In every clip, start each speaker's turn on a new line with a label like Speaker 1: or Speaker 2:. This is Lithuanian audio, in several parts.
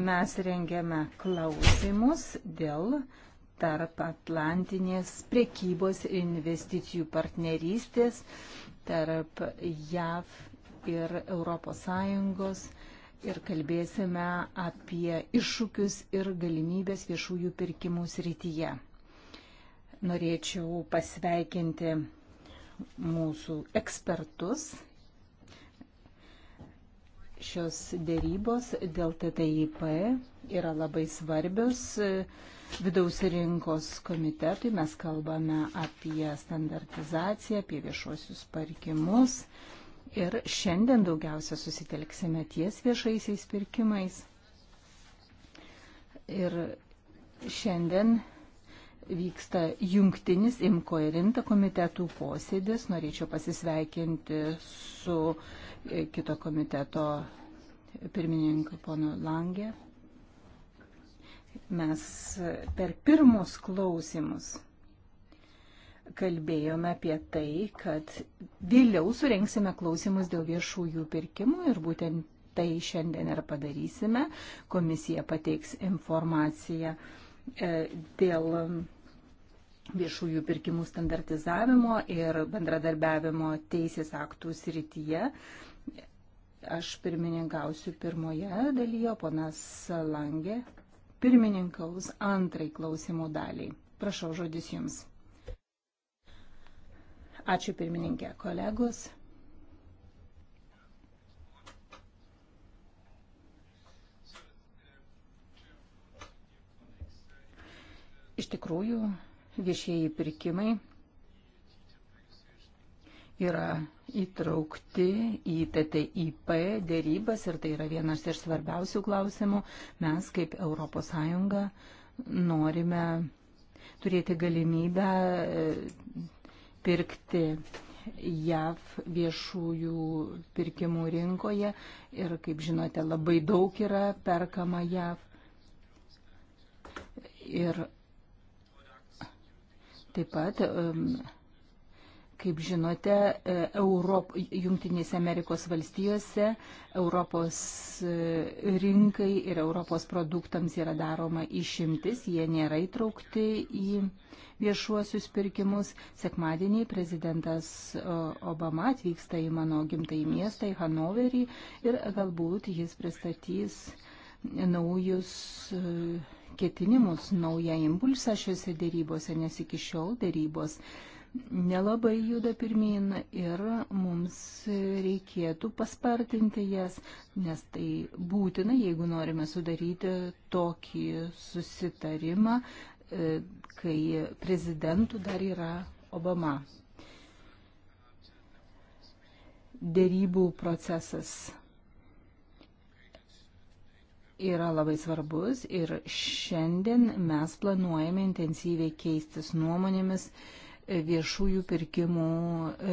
Speaker 1: mes rengiame klausimus dėl tarp Atlantinės priekybos ir investicijų partnerystės tarp JAV ir ES ir kalbėsime apie iššūkius ir galimybės viešųjų pirkimų srityje. Norėčiau pasveikinti mūsų ekspertus šios dėrybos dėl TTIP yra labai svarbios e, vidaus rinkos komitetui. Mes kalbame apie standartizaciją, apie viešuosius parkimus ir šiandien daugiausia susitelksime ties viešaisiais pirkimais. Ir šiandien vyksta jungtinis imko ir rinta komitetų posėdis. Norėčiau pasisveikinti su uh, kito komiteto pirmininką pono Langė. Mes per pirmus klausimus kalbėjome apie tai, kad vėliau surenksime klausimus dėl viešųjų pirkimų ir būtent tai šiandien ir padarysime. Komisija pateiks informaciją e, dėl viešųjų pirkimų standartizavimo ir bendradarbiavimo teisės aktų srityje. Aš pirmininkausiu pirmoje dalyje, ponas Langė pirmininkaus antrai klausimų daliai. Prašau žodis jums. Ačiū pirmininkė, kolegos. Iš tikrųjų, viešieji pirkimai yra įtraukti į TTIP dėrybas ir tai yra vienas iš svarbiausių klausimų. Mes kaip ES norime turėti galimybę e, pirkti JAV viešųjų pirkimų rinkoje ir, kaip žinote, labai daug yra perkama JAV. Ir taip pat um, Kaip žinote, e, Europ, Junktinėse Amerikos valstijose Europos e, rinkai ir Europos produktams yra daroma išimtis, jie nėra įtraukti į viešuosius pirkimus. Sekmadienį prezidentas Obama atvyksta į mano gimtąjį miestą, į Hanoverį ir galbūt jis pristatys naujus e, ketinimus, naują impulsą šiuose dėrybose, nes iki šiol dėrybos nelabai juda pirmin ir mums reikėtų paspartinti jas, nes tai būtina, jeigu norime sudaryti tokį susitarimą, e, kai prezidentų dar yra Obama. Dėrybų procesas yra labai svarbus ir šiandien mes planuojame intensyviai keistis nuomonėmis viešųjų pirkimų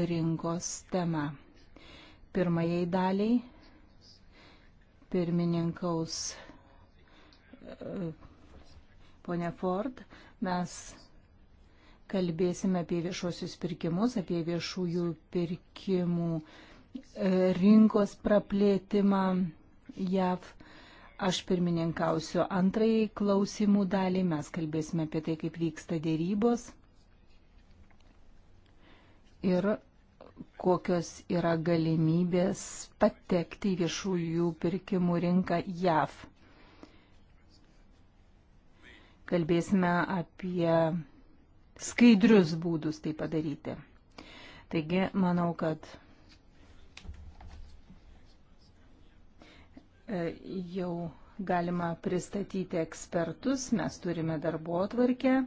Speaker 1: rinkos temą. Pirmajai daliai pirmininkaus e, ponia Ford, mes kalbėsime apie viešuosius pirkimus, apie viešųjų pirkimų e, rinkos praplėtimą JAV. Aš pirmininkausiu antrajai klausimų daliai, mes kalbėsime apie tai, kaip vyksta dėrybos ir kokios yra galimybės patekti į viešųjų pirkimų rinką JAV. Kalbėsime apie skaidrius būdus tai padaryti. Taigi, manau, kad e, jau galima pristatyti ekspertus, mes turime darbo atvarkę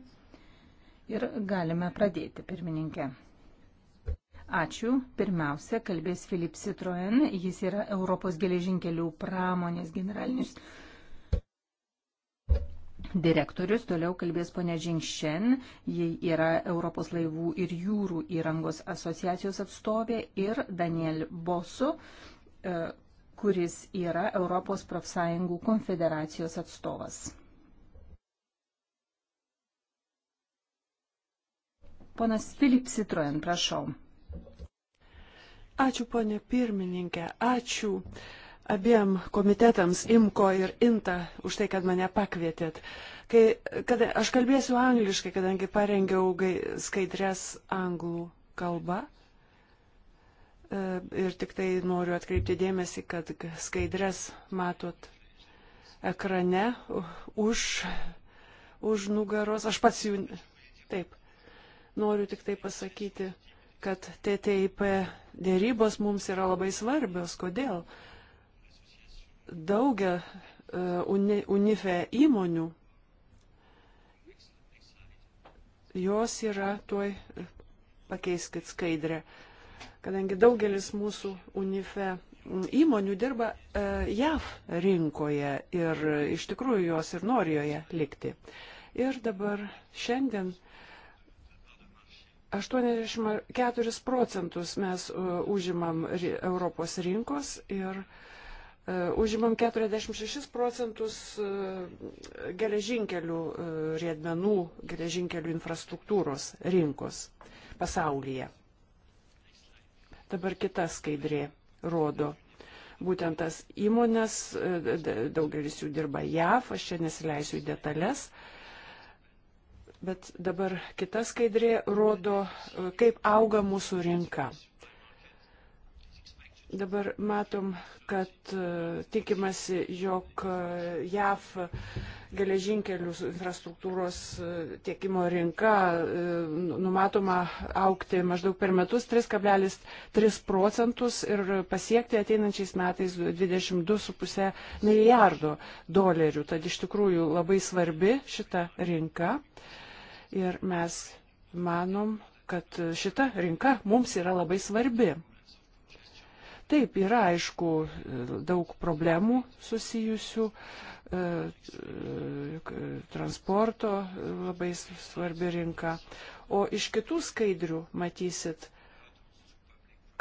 Speaker 1: ir galime pradėti, pirmininkė. Ačiū. Pirmiausia, kalbės Filip Citroen. Jis yra Europos geležinkelių pramonės generalinis direktorius. Toliau kalbės ponė Žingšen. Ji yra Europos laivų ir jūrų įrangos asociacijos atstovė ir Daniel Bosu, e, kuris yra Europos profsąjungų konfederacijos atstovas.
Speaker 2: Ponas Filip Citroen, prašau. Ačiū, ponė pirmininkė, ačiū abiem komitetams IMKO ir INTA už tai, kad mane pakvietėt. Kai, kada, aš kalbėsiu angliškai, kadangi parengiau skaidrės anglų kalbą. E, ir tik tai noriu atkreipti dėmesį, kad skaidrės matot ekrane už, už nugaros. Aš pats jų. Taip. Noriu tik tai pasakyti, kad TTIP dėrybos mums yra labai svarbios. Kodėl? Daugia e, uni, UNIFE įmonių, jos yra tuoj pakeiskit skaidrę, kadangi daugelis mūsų UNIFE įmonių dirba e, JAV rinkoje ir iš tikrųjų jos ir nori joje likti. Ir dabar šiandien e, 84 procentus mes e, užimam Europos rinkos ir e, užimam 46 procentus e, geležinkelių riedmenų, geležinkelių infrastruktūros rinkos pasaulyje. Dabar kita skaidrė rodo. Būtent tas įmonės, daugelis jų dirba JAV, aš čia nesileisiu į detalės, Bet dabar kita skaidrė rodo, e, kaip auga mūsų rinka. Dabar matom, kad e, tikimasi, jog e, JAV geležinkelių infrastruktūros tiekimo rinka nu, numatoma aukti maždaug per metus 3,3 procentus ir pasiekti ateinančiais metais 22,5 milijardo dolerių. Tad iš tikrųjų labai svarbi šita rinka. Uh, Ir mes manom, kad šita rinka mums yra labai svarbi. Taip, yra aišku daug problemų susijusių e, e, transporto labai svarbi rinka. O iš kitų skaidrių matysit,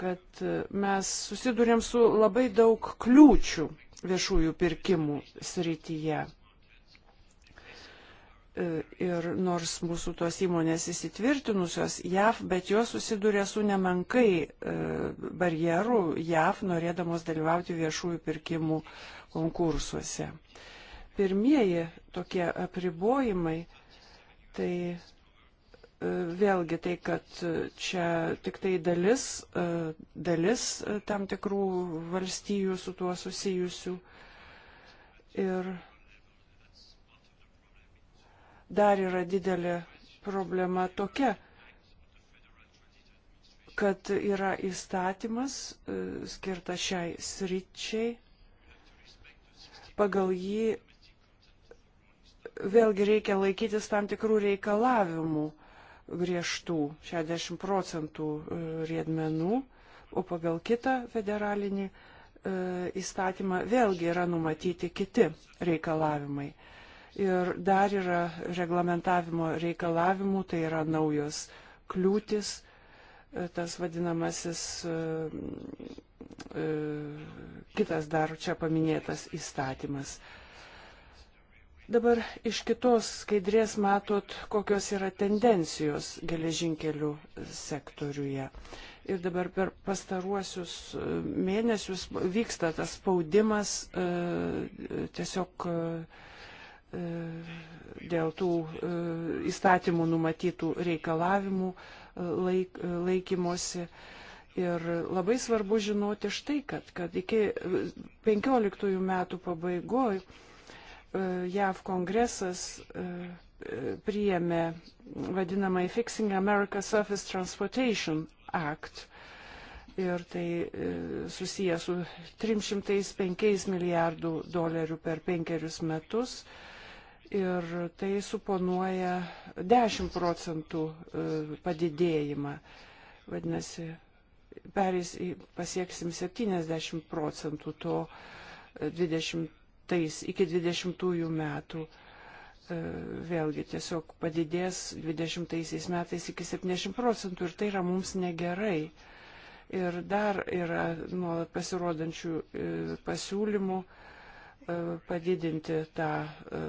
Speaker 2: kad e, mes susidurėm su labai daug kliūčių viešųjų pirkimų srityje. E, ir nors mūsų tos įmonės įsitvirtinusios JAV, bet jos susiduria su nemenkai e, barjerų JAV norėdamos dalyvauti viešųjų pirkimų konkursuose. Pirmieji tokie apribojimai, tai e, vėlgi tai, kad čia tik tai dalis, dalis tam tikrų valstybių su tuo susijusių ir dar yra didelė problema tokia, kad yra įstatymas e, skirtas šiai sričiai. Pagal jį vėlgi reikia laikytis tam tikrų reikalavimų griežtų 60 procentų e, riedmenų, o pagal kitą federalinį e, įstatymą vėlgi yra numatyti kiti reikalavimai. Ir dar yra reglamentavimo reikalavimų, tai yra naujos kliūtis, e, tas vadinamasis e, e, kitas dar čia paminėtas įstatymas. Dabar iš kitos skaidrės matot, kokios yra tendencijos geležinkelių sektoriuje. Ir dabar per pastaruosius mėnesius vyksta tas spaudimas tiesiog E, dėl tų e, įstatymų numatytų reikalavimų e, laik, laikymosi. Ir labai svarbu žinoti štai, kad, kad iki 15 metų pabaigoj JAV kongresas priėmė vadinamąjį Fixing America Surface Transportation Act. Ir tai susiję su 305 milijardų dolerių per penkerius metus. Uh, ir tai suponuoja 10 procentų e, padidėjimą. Vadinasi, perės, pasieksim 70 procentų to 20, e, iki 20 metų. E, vėlgi tiesiog padidės 20 metais iki 70 procentų ir tai yra mums negerai. Ir dar yra nuolat pasirodančių pasiūlymų, E, padidinti tą e,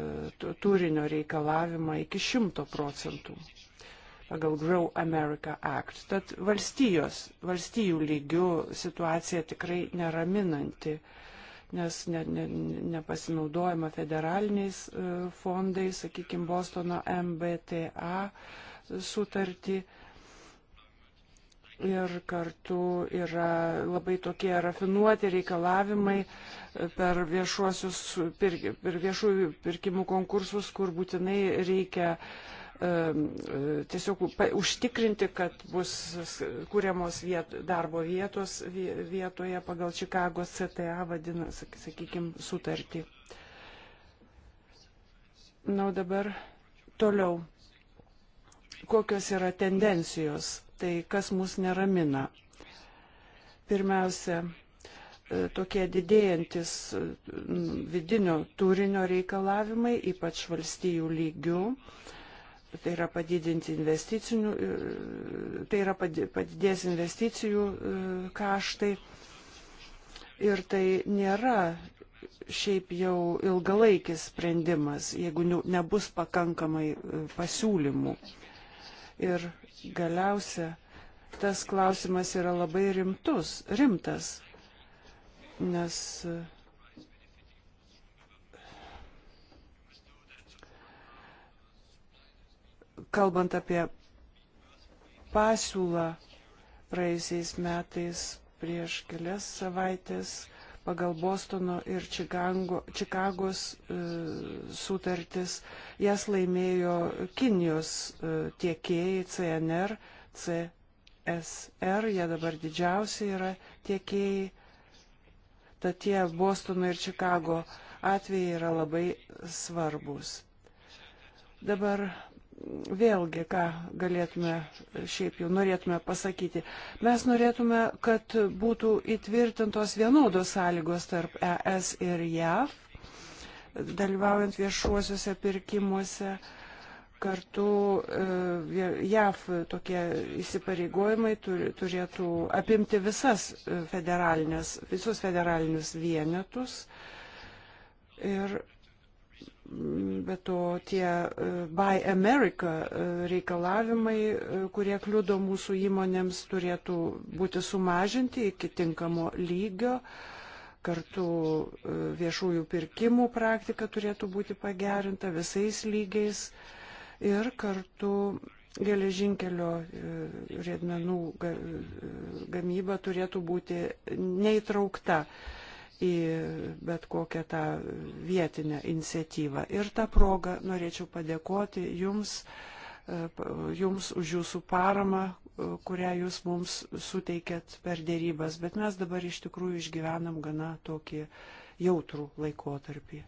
Speaker 2: turinio reikalavimą iki 100 procentų pagal Grow America Act. Tad valstijos, valstijų lygių situacija tikrai neraminanti, nes ne, ne, nepasinaudojama federaliniais e, fondais, sakykime, Bostono MBTA sutartį ir kartu yra labai tokie rafinuoti reikalavimai per, per, per viešųjų pirkimų konkursus, kur būtinai reikia e, tiesiog užtikrinti, kad bus kūriamos viet, darbo vietos vietoje pagal Čikagos CTA vadina, sakykime, sutartį. Na, o dabar toliau kokios yra tendencijos, tai kas mus neramina. Pirmiausia, e, tokie didėjantis e, vidinio turinio reikalavimai, ypač valstijų lygių, tai yra padidinti investicinių, e, tai yra padidės investicijų kaštai. Ir tai nėra šiaip jau ilgalaikis sprendimas, jeigu nu, nebus pakankamai pasiūlymų. Ir galiausia, tas klausimas yra labai rimtus, rimtas, nes kalbant apie pasiūlą praėjusiais metais prieš kelias savaitės pagal Bostono ir Čikago, Čikagos e, sutartis. Jas laimėjo Kinijos e, tiekėjai CNR, CSR, jie dabar didžiausi yra tiekėjai. Tad tie Bostono ir Čikago atvejai yra labai svarbus. Dabar vėlgi, ką galėtume šiaip jau norėtume pasakyti. Mes norėtume, kad būtų įtvirtintos vienodos sąlygos tarp ES ir JAV, dalyvaujant viešuosiuose pirkimuose. Kartu e, JAV tokie įsipareigojimai turėtų apimti visas e, federalinės, visus federalinius vienetus. Ir Bet to tie e, Buy America e, reikalavimai, e, kurie kliudo mūsų įmonėms, turėtų būti sumažinti iki tinkamo lygio. Kartu viešųjų pirkimų praktika turėtų būti pagerinta visais lygiais. Ir kartu geležinkelio riedmenų gamyba turėtų būti neįtraukta į bet kokią tą vietinę iniciatyvą. Ir tą progą norėčiau padėkoti jums, e, jums už jūsų paramą, e, kurią jūs mums suteikėt per dėrybas. Bet mes dabar iš tikrųjų išgyvenam gana tokį jautrų laikotarpį.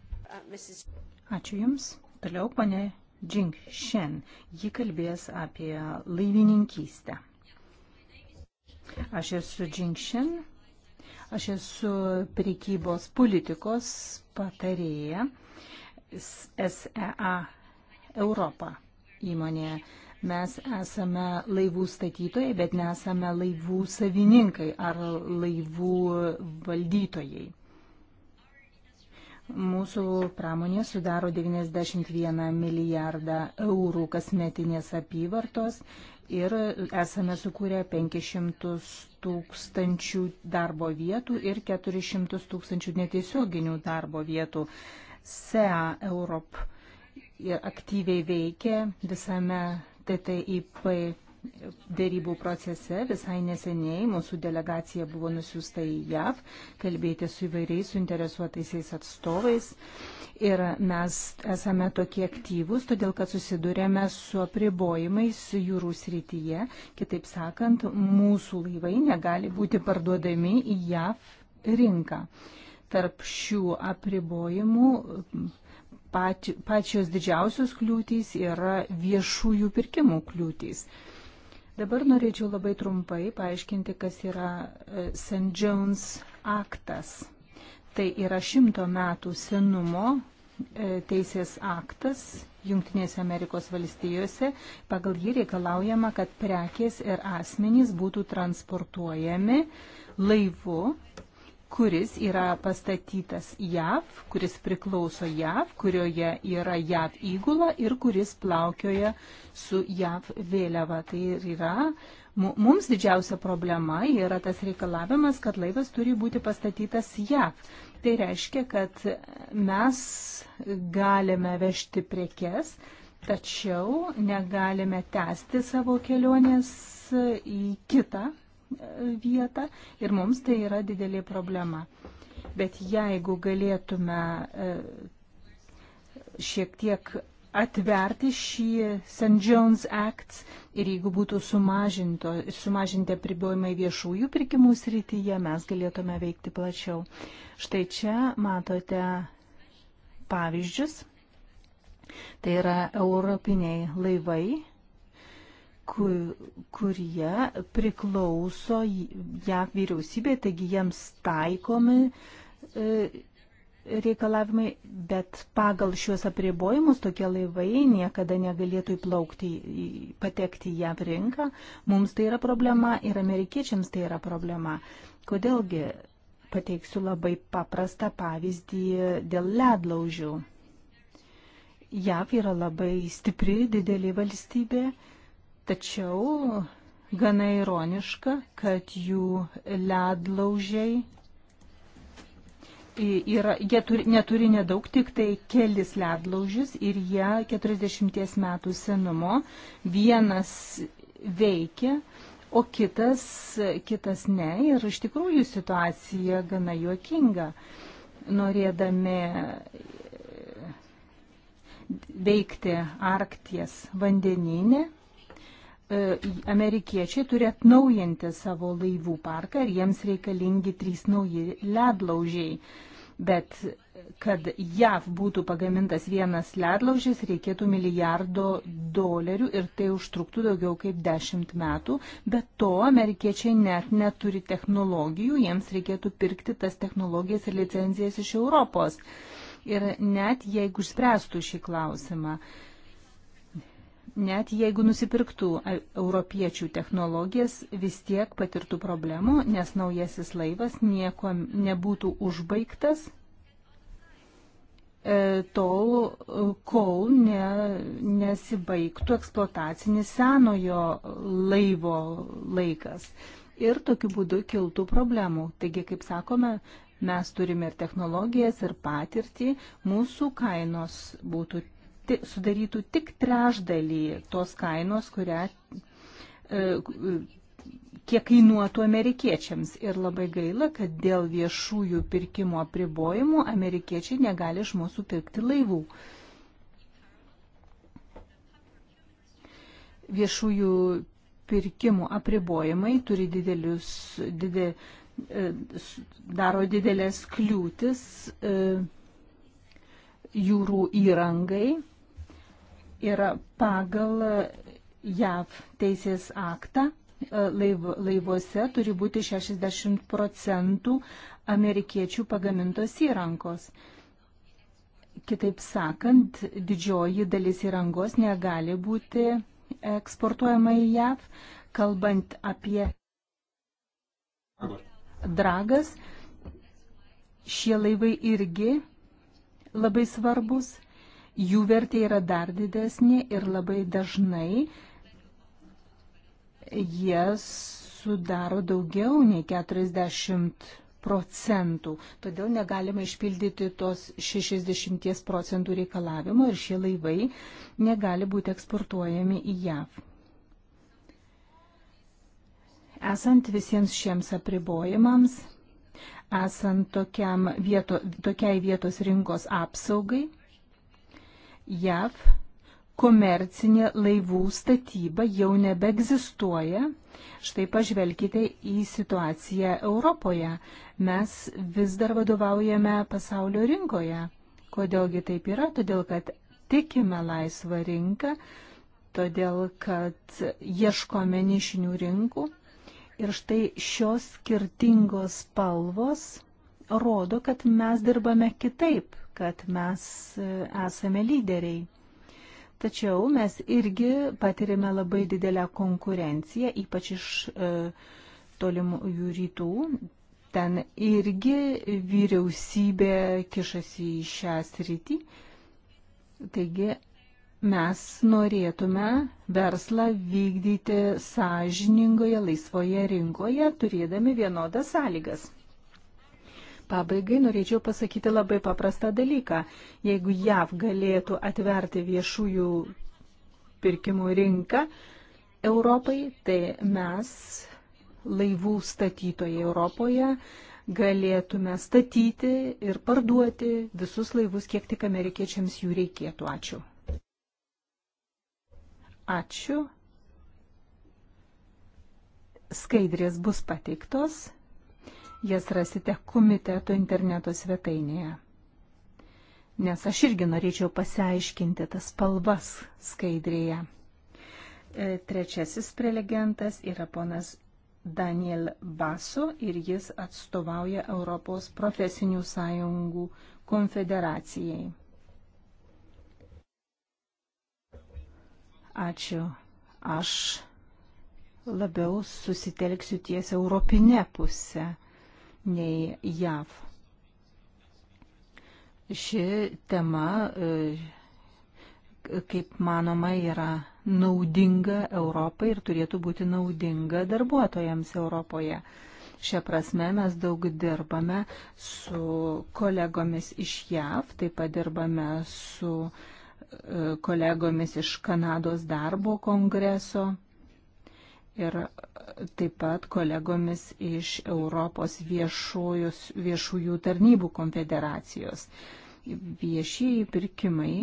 Speaker 2: Ačiū Jums. Toliau ponė Džing
Speaker 1: Šen. Ji kalbės apie laivininkystę. Aš esu Džing Šen Aš esu prekybos politikos patarėja SEA Europą įmonėje. Mes esame laivų statytojai, bet nesame laivų savininkai ar laivų valdytojai. Mūsų pramonė sudaro 91 milijardą eurų kasmetinės apyvartos ir esame sukūrę 500 tūkstančių darbo vietų ir 400 tūkstančių netiesioginių darbo vietų. SEA Europe aktyviai veikia visame TTIP dėrybų procese. Visai neseniai mūsų delegacija buvo nusiųsta į JAV kalbėti su įvairiais suinteresuotaisiais atstovais. Ir mes esame tokie aktyvūs, todėl kad susidurėme su apribojimais jūrų srityje. Kitaip sakant, mūsų laivai negali būti parduodami į JAV rinką. Tarp šių apribojimų pačios didžiausios kliūtys yra viešųjų pirkimų kliūtys. Dabar norėčiau labai trumpai paaiškinti, kas yra e, St. Jones aktas. Tai yra šimto metų senumo e, teisės aktas Junktinėse Amerikos valstijose. Pagal jį reikalaujama, kad prekės ir asmenys būtų transportuojami laivu kuris yra pastatytas JAV, kuris priklauso JAV, kurioje yra JAV įgula ir kuris plaukioja su JAV vėliava. Tai ir yra mums didžiausia problema yra tas reikalavimas, kad laivas turi būti pastatytas JAV. Tai reiškia, kad mes galime vežti prekes, tačiau negalime tęsti savo kelionės į kitą vietą ir mums tai yra didelė problema. Bet jeigu galėtume e, šiek tiek atverti šį St. Jones Act ir jeigu būtų sumažinti apribojimai viešųjų pirkimų srityje, mes galėtume veikti plačiau. Štai čia matote pavyzdžius. Tai yra europiniai laivai, kurie priklauso JAV vyriausybė, taigi jiems taikomi e, reikalavimai, bet pagal šiuos apribojimus tokie laivai niekada negalėtų įplaukti, patekti į JAV rinką. Mums tai yra problema ir amerikiečiams tai yra problema. Kodėlgi pateiksiu labai paprastą pavyzdį dėl ledlaužių. JAV yra labai stipri, didelė valstybė Tačiau gana ironiška, kad jų ledlaužiai yra, jie turi, neturi nedaug, tik tai kelis ledlaužius ir jie 40 metų senumo. Vienas veikia, o kitas, kitas ne. Ir iš tikrųjų situacija gana juokinga. Norėdami e, veikti Arkties vandeninį, E, amerikiečiai turi atnaujinti savo laivų parką ir jiems reikalingi trys nauji ledlaužiai. Bet kad JAV būtų pagamintas vienas ledlaužis, reikėtų milijardo dolerių ir tai užtruktų daugiau kaip dešimt metų. Bet to amerikiečiai net neturi technologijų, jiems reikėtų pirkti tas technologijas ir licenzijas iš Europos. Ir net jeigu išspręstų šį klausimą, uh, net jeigu nusipirktų e, europiečių technologijas, vis tiek patirtų problemų, nes naujasis laivas nieko nebūtų užbaigtas e, tol, e, kol ne, nesibaigtų eksploatacinis senojo laivo laikas. Ir tokiu būdu kiltų problemų. Taigi, kaip sakome, mes turime ir technologijas, ir patirtį, mūsų kainos būtų sudarytų tik trešdalį tos kainos, kurią e, kiek kainuotų amerikiečiams. Ir labai gaila, kad dėl viešųjų pirkimo apribojimų amerikiečiai negali iš mūsų pirkti laivų. Viešųjų pirkimų apribojimai turi didelius, didė, e, daro didelės kliūtis e, jūrų įrangai yra pagal JAV teisės aktą laivuose turi būti 60 procentų amerikiečių pagamintos įrankos. Kitaip sakant, didžioji dalis įrangos negali būti eksportuojama į JAV, kalbant apie dragas. Šie laivai irgi labai svarbus jų vertė yra dar didesnė ir labai dažnai jie sudaro daugiau nei 40 procentų. Todėl negalima išpildyti tos 60 procentų reikalavimo ir šie laivai negali būti eksportuojami į JAV. Esant visiems šiems apribojimams, esant tokiam vieto, tokiai vietos rinkos apsaugai, JAV komercinė laivų statyba jau nebeegzistuoja. Štai pažvelkite į situaciją Europoje. Mes vis dar vadovaujame pasaulio rinkoje. Kodėlgi taip yra? Todėl, kad tikime laisvą rinką, todėl, kad ieškome nišinių rinkų. Ir štai šios skirtingos spalvos rodo, kad mes dirbame kitaip kad mes e, esame lyderiai. Tačiau mes irgi patirime labai didelę konkurenciją, ypač iš e, tolimųjų rytų. Ten irgi vyriausybė kišasi į šią sritį. Taigi mes norėtume verslą vykdyti sąžiningoje laisvoje rinkoje, turėdami vienodas sąlygas. Pabaigai norėčiau pasakyti labai paprastą dalyką. Jeigu JAV galėtų atverti viešųjų pirkimų rinką Europai, tai mes, laivų statytojai Europoje, galėtume statyti ir parduoti visus laivus, kiek tik amerikiečiams jų reikėtų. Ačiū. Ačiū. Skaidrės bus pateiktos. Jas rasite komiteto interneto svetainėje. Nes aš irgi norėčiau pasiaiškinti tas spalvas skaidrėje. E, trečiasis prelegentas yra ponas Daniel Baso ir jis atstovauja Europos profesinių sąjungų konfederacijai. Ačiū. Aš labiau susitelksiu ties europinė pusė nei JAV. Ši tema, e, kaip manoma, yra naudinga Europai ir turėtų būti naudinga darbuotojams Europoje. Šią prasme mes daug dirbame su kolegomis iš JAV, taip pat dirbame su e, kolegomis iš Kanados darbo kongreso ir taip pat kolegomis iš Europos viešojus, viešųjų tarnybų konfederacijos. Viešieji pirkimai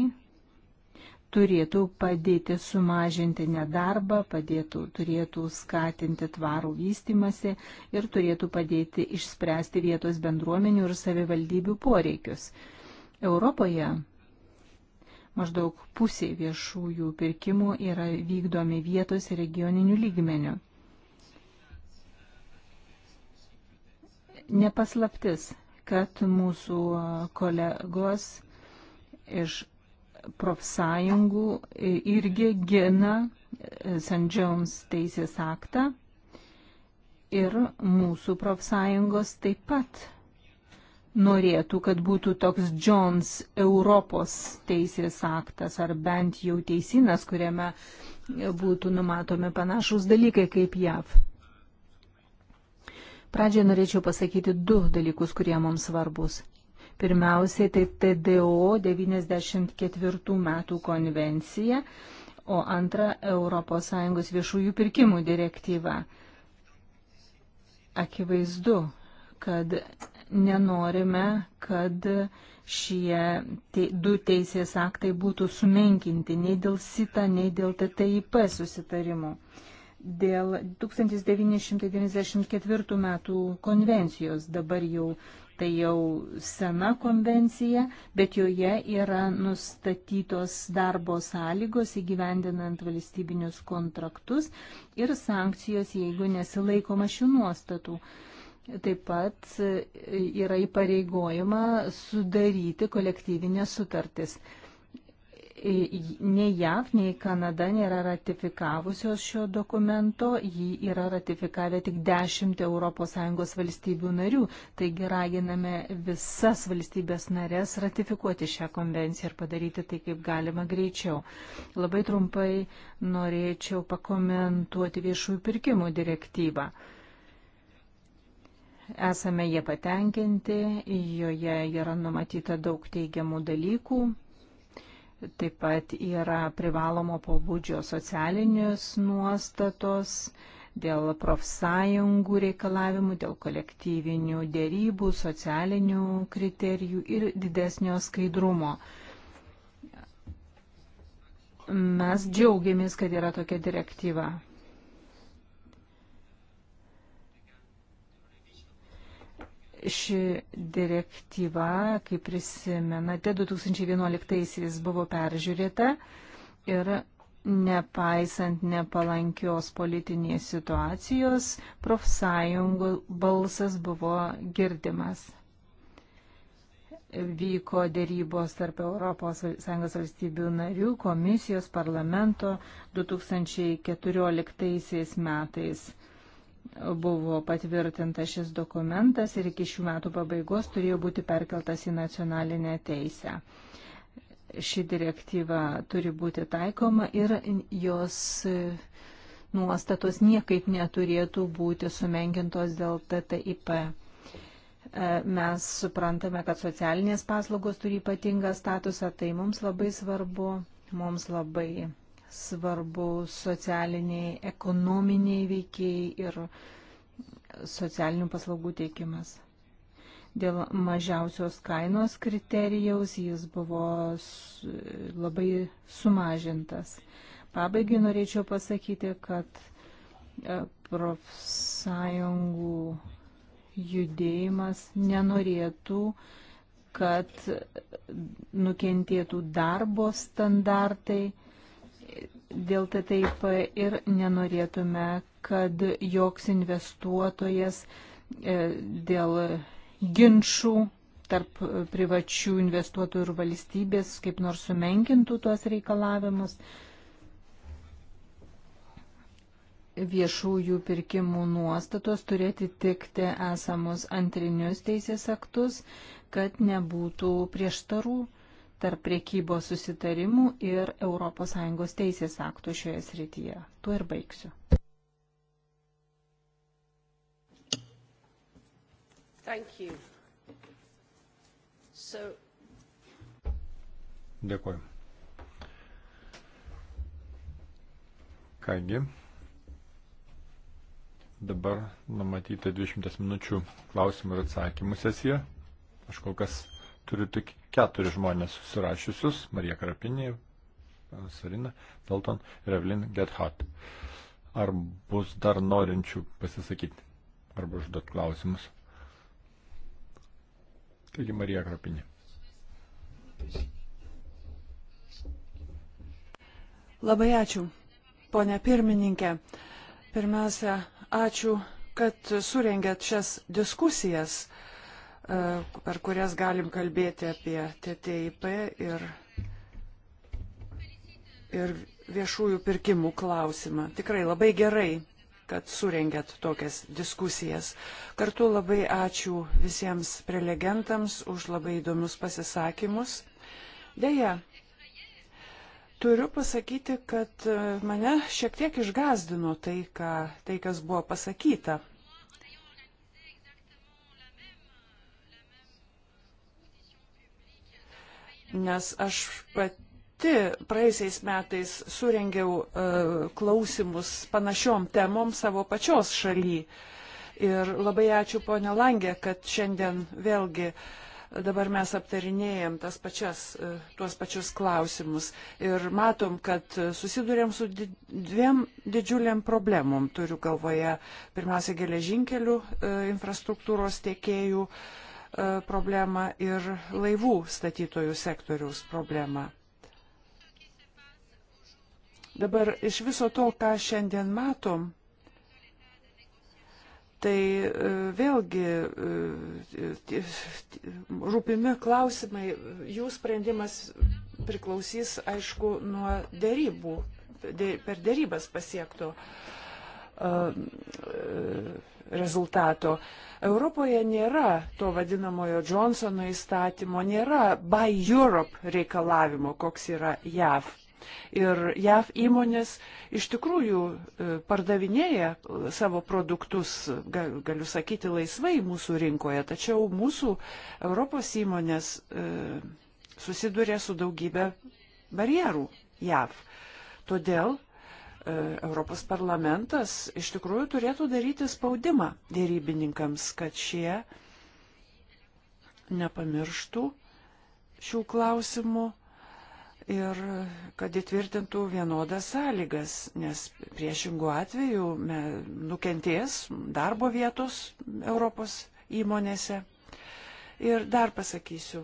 Speaker 1: turėtų padėti sumažinti nedarbą, padėtų, turėtų skatinti tvarų vystimasi ir turėtų padėti išspręsti vietos bendruomenių ir savivaldybių poreikius. Europoje Maždaug pusė viešųjų pirkimų yra vykdomi vietos ir regioninių lygmenių. Nepaslaptis, kad mūsų kolegos iš profsąjungų irgi gina St. Jones teisės aktą ir mūsų profsąjungos taip pat norėtų, kad būtų toks Jones Europos teisės aktas ar bent jau teisinas, kuriame būtų numatomi panašus dalykai kaip JAV. Pradžioje norėčiau pasakyti du dalykus, kurie mums svarbus. Pirmiausiai tai TDO 94 metų konvencija, o antra ES viešųjų pirkimų direktyva. Akivaizdu, kad nenorime, kad šie te, du teisės aktai būtų sumenkinti nei dėl SITA, nei dėl TTIP susitarimų. Dėl 1994 metų konvencijos dabar jau tai jau sena konvencija, bet joje yra nustatytos darbo sąlygos įgyvendinant valstybinius kontraktus ir sankcijos, jeigu nesilaikoma šių nuostatų taip pat yra įpareigojama sudaryti kolektyvinės sutartis. Nei JAV, nei Kanada nėra ratifikavusios šio dokumento, jį yra ratifikavę tik dešimt ES valstybių narių, taigi raginame visas valstybės narės ratifikuoti šią konvenciją ir padaryti tai kaip galima greičiau. Labai trumpai norėčiau pakomentuoti viešųjų pirkimų direktyvą esame jie patenkinti, joje yra numatyta daug teigiamų dalykų, taip pat yra privalomo pobūdžio socialinės nuostatos dėl profsąjungų reikalavimų, dėl kolektyvinių dėrybų, socialinių kriterijų ir didesnio skaidrumo. Mes džiaugiamės, kad yra tokia direktyva. Ši direktyva, kaip prisimenate, 2011-aisiais buvo peržiūrėta ir nepaisant nepalankios politinės situacijos, profsąjungų balsas buvo girdimas. Vyko dėrybos tarp ES valstybių narių, komisijos, parlamento 2014 metais buvo patvirtinta šis dokumentas ir iki šių metų pabaigos turėjo būti perkeltas į nacionalinę teisę. Ši direktyva turi būti taikoma ir jos nuostatos niekaip neturėtų būti sumenkintos dėl TTIP. E, mes suprantame, kad socialinės paslaugos turi ypatingą statusą, tai mums labai svarbu, mums labai svarbu socialiniai, ekonominiai veikiai ir socialinių paslaugų teikimas. Dėl mažiausios kainos kriterijaus jis buvo labai sumažintas. Pabaigai norėčiau pasakyti, kad e, profsąjungų judėjimas nenorėtų, kad nukentėtų darbo standartai dėl TTIP ir nenorėtume, kad joks investuotojas e, dėl ginčių tarp privačių investuotojų ir valstybės kaip nors sumenkintų tuos reikalavimus. Viešųjų pirkimų nuostatos turėti tikti esamus antrinius teisės aktus, kad nebūtų prieštarų. tarų tarp priekybos susitarimų ir ES teisės aktų šioje srityje. Tuo ir baigsiu. So...
Speaker 3: Dėkuoju. Kągi, dabar numatyta 20 minučių klausimų ir atsakymų sesija. Aš kol kas Turiu tik keturis žmonės susirašysius - Marija Karapinė, Sarina Dalton ir Evelyn Gethat. Ar bus dar norinčių pasisakyti arba užduoti klausimus? Taigi Marija Karapinė.
Speaker 2: Labai ačiū, ponė pirmininkė. Pirmiausia, ačiū, kad surengėt šias diskusijas. Uh, E, per kurias galim kalbėti apie TTIP ir, ir viešųjų pirkimų klausimą. Tikrai labai gerai, kad surengėt tokias diskusijas. Kartu labai ačiū visiems prelegentams už labai įdomius pasisakymus. Deja, turiu pasakyti, kad e, mane šiek tiek išgazdino tai, ką, tai kas buvo pasakyta nes aš pati praeisiais metais surengiau uh, klausimus panašiom temom savo pačios šaly. Ir labai ačiū ponia Langė, kad šiandien vėlgi uh, dabar mes aptarinėjom tas pačias, e, tuos pačius klausimus ir matom, kad susidurėm su dviem didžiuliam problemom. Turiu galvoje pirmiausia geležinkelių e, infrastruktūros tiekėjų E, problemą ir laivų statytojų sektoriaus problemą. Dabar iš viso to, ką šiandien matom, Tai e, vėlgi e, rūpimi klausimai, jų sprendimas priklausys, aišku, nuo dėrybų, per dėrybas pasiektų E, rezultato. Europoje nėra to vadinamojo Johnsono įstatymo, nėra Buy Europe reikalavimo, koks yra JAV. Ir JAV įmonės iš tikrųjų e, pardavinėja savo produktus, galiu sakyti, laisvai mūsų rinkoje, tačiau mūsų Europos įmonės e, susiduria su daugybė barjerų JAV. Todėl E, Europos parlamentas iš tikrųjų turėtų daryti spaudimą dėrybininkams, kad šie nepamirštų šių klausimų ir kad įtvirtintų vienodas sąlygas, nes priešingų atveju nukentės darbo vietos Europos įmonėse. Ir dar pasakysiu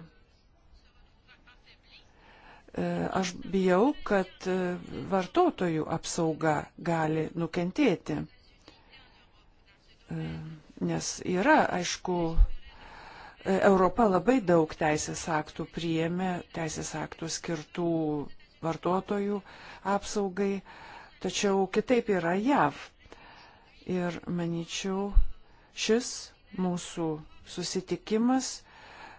Speaker 2: E, aš bijau, kad e, vartotojų apsauga gali nukentėti. E, nes yra, aišku, Europa labai daug teisės aktų priėmė, teisės aktų skirtų vartotojų apsaugai, tačiau kitaip yra JAV. Ir manyčiau, šis mūsų susitikimas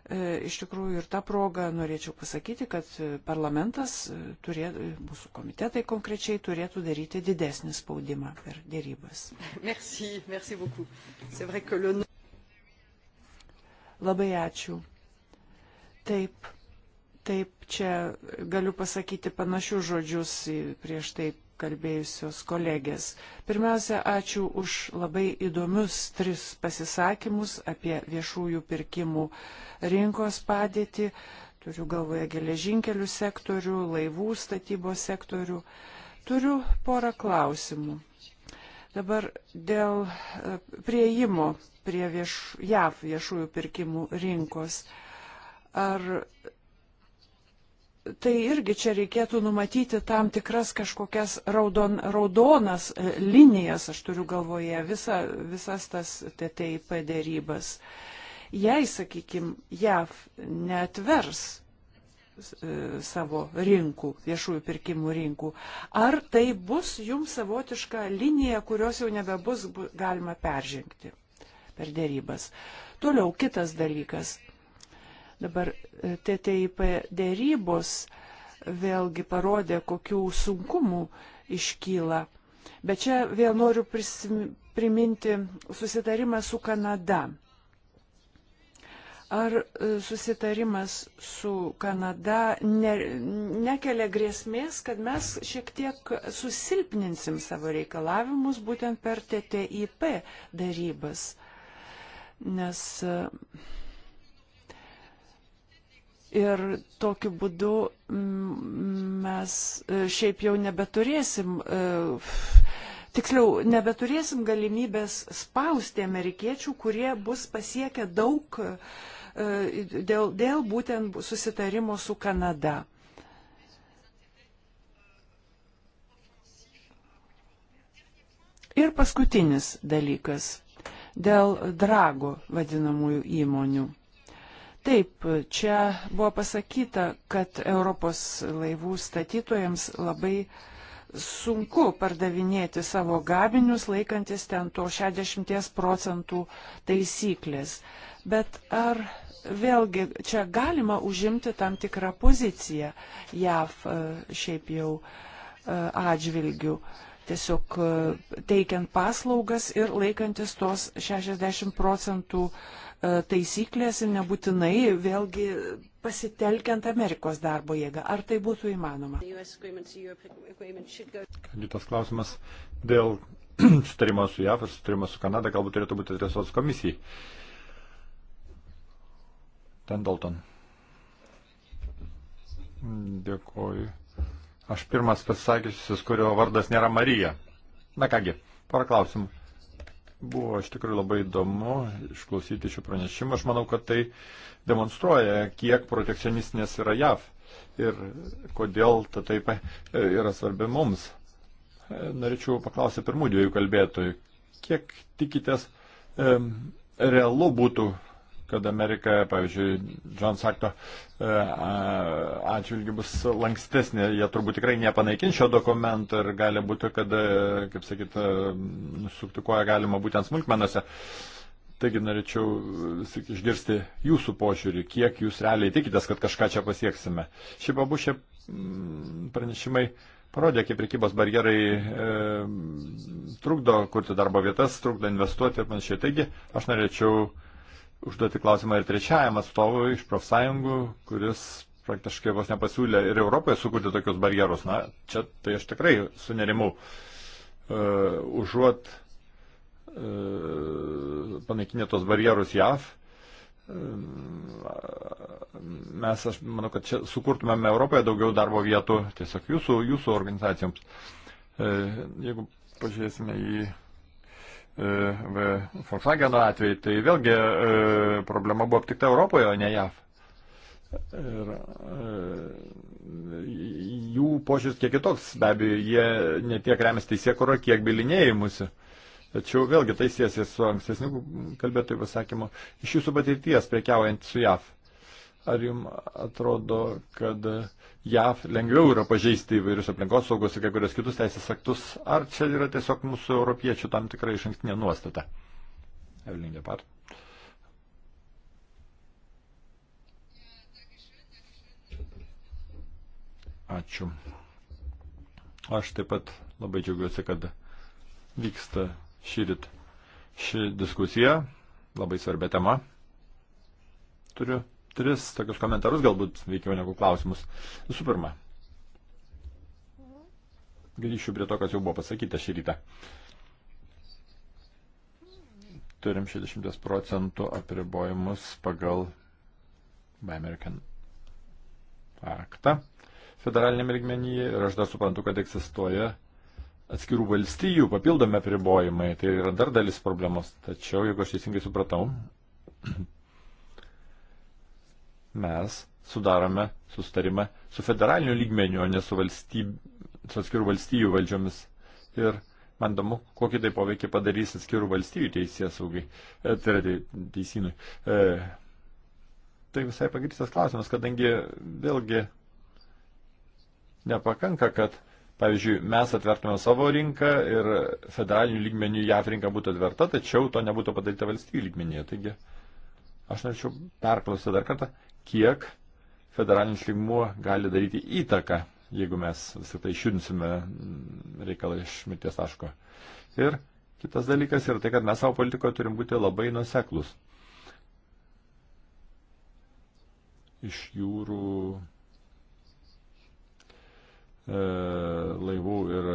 Speaker 2: E, iš tikrųjų ir tą progą norėčiau pasakyti, kad parlamentas, e, turė, e, mūsų komitetai konkrečiai, turėtų daryti didesnį spaudimą per dėrybas. Merci, merci beaucoup. Vrai, le... Labai ačiū. Taip, taip, čia galiu pasakyti panašius žodžius prieš taip kalbėjusios kolegės. Pirmiausia, ačiū už labai įdomius tris pasisakymus apie viešųjų pirkimų rinkos padėtį. Turiu galvoje geležinkelių sektorių, laivų statybos sektorių. Turiu porą klausimų. Dabar dėl e, prieimo prie vieš, JAV viešųjų pirkimų rinkos. Ar tai irgi čia reikėtų numatyti tam tikras kažkokias raudon, raudonas e, linijas, aš turiu galvoje, visa, visas tas TTIP dėrybas. Jei, sakykime, JAV neatvers e, savo rinkų, viešųjų pirkimų rinkų. Ar tai bus jums savotiška linija, kurios jau nebebus galima peržengti per dėrybas? Toliau kitas dalykas. Dabar e, TTIP dėrybos vėlgi parodė, kokių sunkumų iškyla. Bet čia vėl noriu priminti susitarimą su Kanada. Ar e, susitarimas su Kanada ne, nekelia grėsmės, kad mes šiek tiek susilpninsim savo reikalavimus būtent per TTIP darybas? Nes uh, Ir tokiu būdu mm, mes e, šiaip jau nebeturėsim, e, tiksliau, nebeturėsim galimybės spausti amerikiečių, kurie bus pasiekę daug e, dėl, dėl būtent susitarimo su Kanada. Ir paskutinis dalykas dėl drago vadinamųjų įmonių. Taip, čia buvo pasakyta, kad Europos laivų statytojams labai sunku pardavinėti savo gaminius, laikantis ten to 60 procentų taisyklės. Bet ar vėlgi čia galima užimti tam tikrą poziciją JAV e, šiaip jau e, atžvilgių, tiesiog e, teikiant paslaugas ir laikantis tos 60 procentų taisyklės? taisyklės ir nebūtinai vėlgi pasitelkiant Amerikos darbo jėgą. Ar tai būtų įmanoma?
Speaker 3: Kitas klausimas dėl sutarimo su JAF, sutarimo su Kanada galbūt turėtų būti adresuotas komisijai. Tendalton. Dėkoju. Aš pirmas pasakysiu, kurio vardas nėra Marija. Na kągi, porą klausimų. Buvo iš tikrųjų labai įdomu išklausyti šių pranešimų. Aš manau, kad tai demonstruoja, kiek protekcionistinės yra JAV ir kodėl ta taip e, yra svarbi mums. E, norėčiau paklausyti pirmų dviejų kalbėtojų, kiek tikitės e, realu būtų kad Amerika, pavyzdžiui, John Sakto e, atžvilgių bus lankstesnė, jie turbūt tikrai nepanaikins šio dokumento ir gali būti, kad, e, kaip sakyt, e, nusukti koją galima būtent smulkmenose. Taigi norėčiau išgirsti jūsų požiūrį, kiek jūs realiai tikitės, kad kažką čia pasieksime. Šiaip abu šie mm, pranešimai parodė, kaip prekybos barjerai e, trukdo kurti darbo vietas, trukdo investuoti ir panašiai. Taigi aš norėčiau užduoti klausimą ir trečiajam atstovui iš profsąjungų, kuris praktiškai vos nepasiūlė ir Europoje sukurti tokius barjerus. Na, čia tai aš tikrai sunerimau. Uh, e, užuot uh, e, panaikinę tos barjerus JAV, e, mes, aš manau, kad čia sukurtumėm Europoje daugiau darbo vietų tiesiog jūsų, jūsų organizacijoms. Jeigu pažiūrėsime į E, Volkswagen atveju, tai vėlgi e, problema buvo aptikta Europoje, o ne JAV. Ir e, jų požiūris kiek kitoks, be abejo, jie ne tiek remiasi teisėkuro, kiek bilinėjimusi. Tačiau vėlgi tai siesi su ankstesniu kalbėtoju pasakymu, iš jūsų patirties prekiaujant su JAV. Ar jums atrodo, kad uh, JAV lengviau yra pažeisti įvairius aplinkos saugos ir kai kurios kitus teisės aktus, ar čia yra tiesiog mūsų europiečių tam tikrai išankstinė nuostata? Evelyn Gepard. Ačiū. Aš taip pat labai džiaugiuosi, kad vyksta šyrit ši diskusija, labai svarbia tema. Turiu tris tokius komentarus, galbūt veikiau negu klausimus. Visų pirma, grįšiu prie to, kas jau buvo pasakyta šį rytą. Turim 60 procentų apribojimus pagal Buy American aktą federalinėme ligmenyje ir aš dar suprantu, kad egzistuoja atskirų valstijų papildomi apribojimai, tai yra dar dalis problemos. Tačiau, jeigu aš teisingai supratau, mes sudarome sustarimą su federaliniu lygmeniu, o ne su, valstyb... su atskirų valstybių valdžiomis. Ir man įdomu, kokį tai poveikį padarys atskirų valstybių teisės saugai, e, tai yra teisinui. E, tai visai pagrįstas klausimas, kadangi vėlgi nepakanka, kad Pavyzdžiui, mes atvertume savo rinką ir federalinių lygmenių JAF rinka būtų atverta, tačiau to nebūtų padaryta valstybių lygmenyje. Taigi, aš norėčiau perklausyti dar kartą, kiek federalinis lygmuo gali daryti įtaką, jeigu mes vis tik tai išjudinsime reikalą iš mirties taško. Ir kitas dalykas yra tai, kad mes savo politikoje turim būti labai nuseklus. Iš jūrų e, laivų ir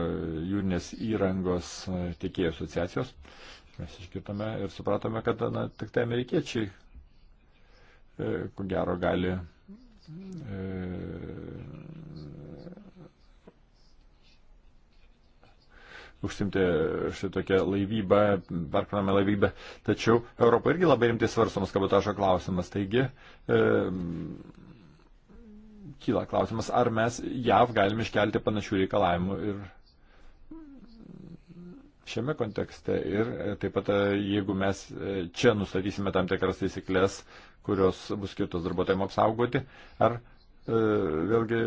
Speaker 3: jūrinės įrangos e, tiekėjų asociacijos. Mes iškirtome ir supratome, kad na, tik tai amerikiečiai E, ko gero gali e, užsimti šitokią laivybą, perkronamą laivybą. Tačiau Europo irgi labai rimtai svarstomas kabotažo klausimas. Taigi, e, kyla klausimas, ar mes JAV galime iškelti panašių reikalavimų ir šiame kontekste. Ir taip pat, e, jeigu mes čia nustatysime tam tikras taisyklės, kurios bus skirtos darbuotojams apsaugoti, ar e, vėlgi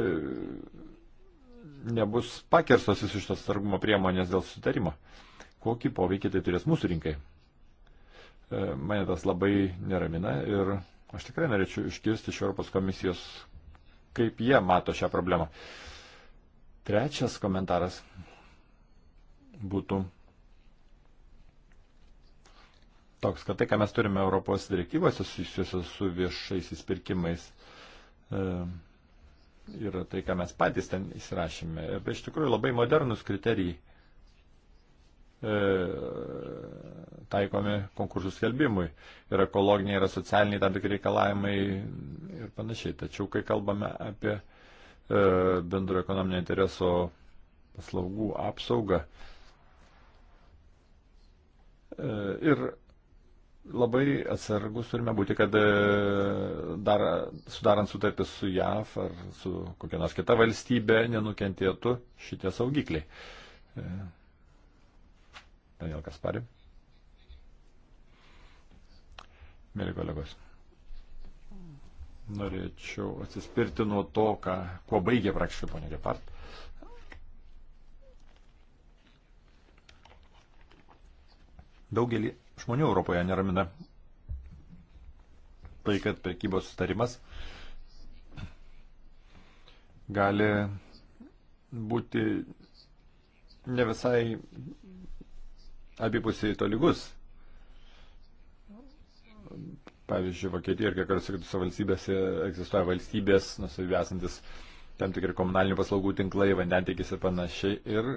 Speaker 3: nebus pakirstos visus šitos atsargumo priemonės dėl sutarimo. Kokį poveikį tai turės mūsų rinkai? E, mane tas labai neramina ir aš tikrai norėčiau iškirsti iš Europos komisijos, kaip jie mato šią problemą. Trečias komentaras būtų toks, kad tai, ką mes turime Europos direktyvose susijusios su viešaisiais pirkimais, e, yra tai, ką mes patys ten įsirašėme. Ir iš tikrųjų labai modernus kriterijai e, taikomi konkursų skelbimui. Yra ekologiniai, yra socialiniai tam tikri reikalavimai ir panašiai. Tačiau, kai kalbame apie e, bendro ekonominio intereso paslaugų apsaugą ir labai atsargus turime būti, kad e, dar sudarant sutartį su JAV ar su kokia nors kita valstybė nenukentėtų šitie saugikliai. E, Daniel Kaspari. Mėly kolegos, norėčiau atsispirti nuo to, ką, kuo baigė praktiškai ponė Gepard. Daugelį žmonių Europoje neramina tai, kad prekybos sustarimas gali būti ne visai abipusiai tolygus. Pavyzdžiui, Vokietija ir kai kuriuose kitose valstybėse egzistuoja valstybės nusivėsantis tam tikri komunalinių paslaugų tinklai, vandentikis ir panašiai, ir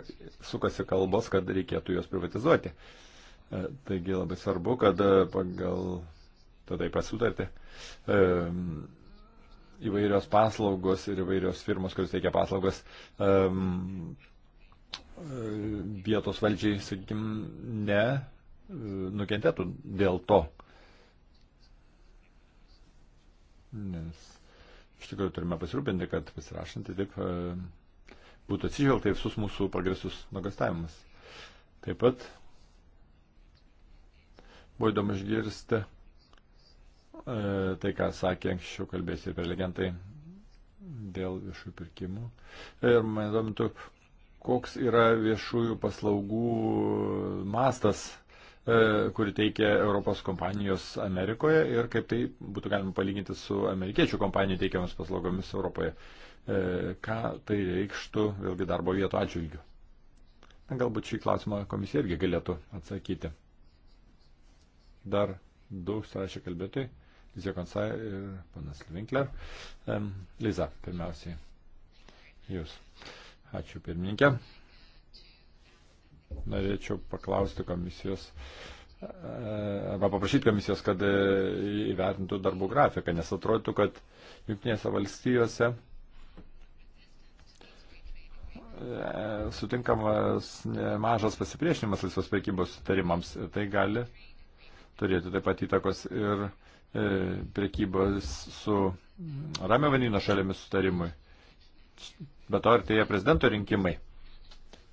Speaker 3: sukasi kalbos, kad reikėtų juos privatizuoti. Uh, E, taigi labai svarbu, kad e, pagal tada pasutartį e, įvairios paslaugos ir įvairios firmos, kuris teikia paslaugas vietos valdžiai, sakykime, ne nukentėtų dėl to. Nes iš tikrųjų turime pasirūpinti, kad pasirašantį taip būtų atsižvelgta į visus mūsų progresus nuogastavimus. Taip pat Buvo įdomu išgirsti e, tai, ką sakė anksčiau kalbėsi prelegentai dėl viešųjų pirkimų. Ir mane domintų, koks yra viešųjų paslaugų mastas, e, kurį teikia Europos kompanijos Amerikoje ir kaip tai būtų galima palyginti su amerikiečių kompanijų teikiamus paslaugomis Europoje. E, ką tai reikštų vėlgi darbo vietų atžvilgių. Galbūt šį klausimą komisija irgi galėtų atsakyti dar du užsirašė kalbėtojai. Lizė Konsai ir panas Livinkler. Um, Liza, pirmiausiai jūs. Ačiū pirmininkė. Norėčiau paklausti komisijos e, arba paprašyti komisijos, kad e, įvertintų darbų grafiką, nes atrodytų, kad Junktinėse valstijose e, sutinkamas mažas pasipriešinimas laisvos prekybos sutarimams. Tai gali turėtų taip pat įtakos ir e, prekybos su Ramio vanino šalėmis sutarimui. Bet to artėja prezidento rinkimai.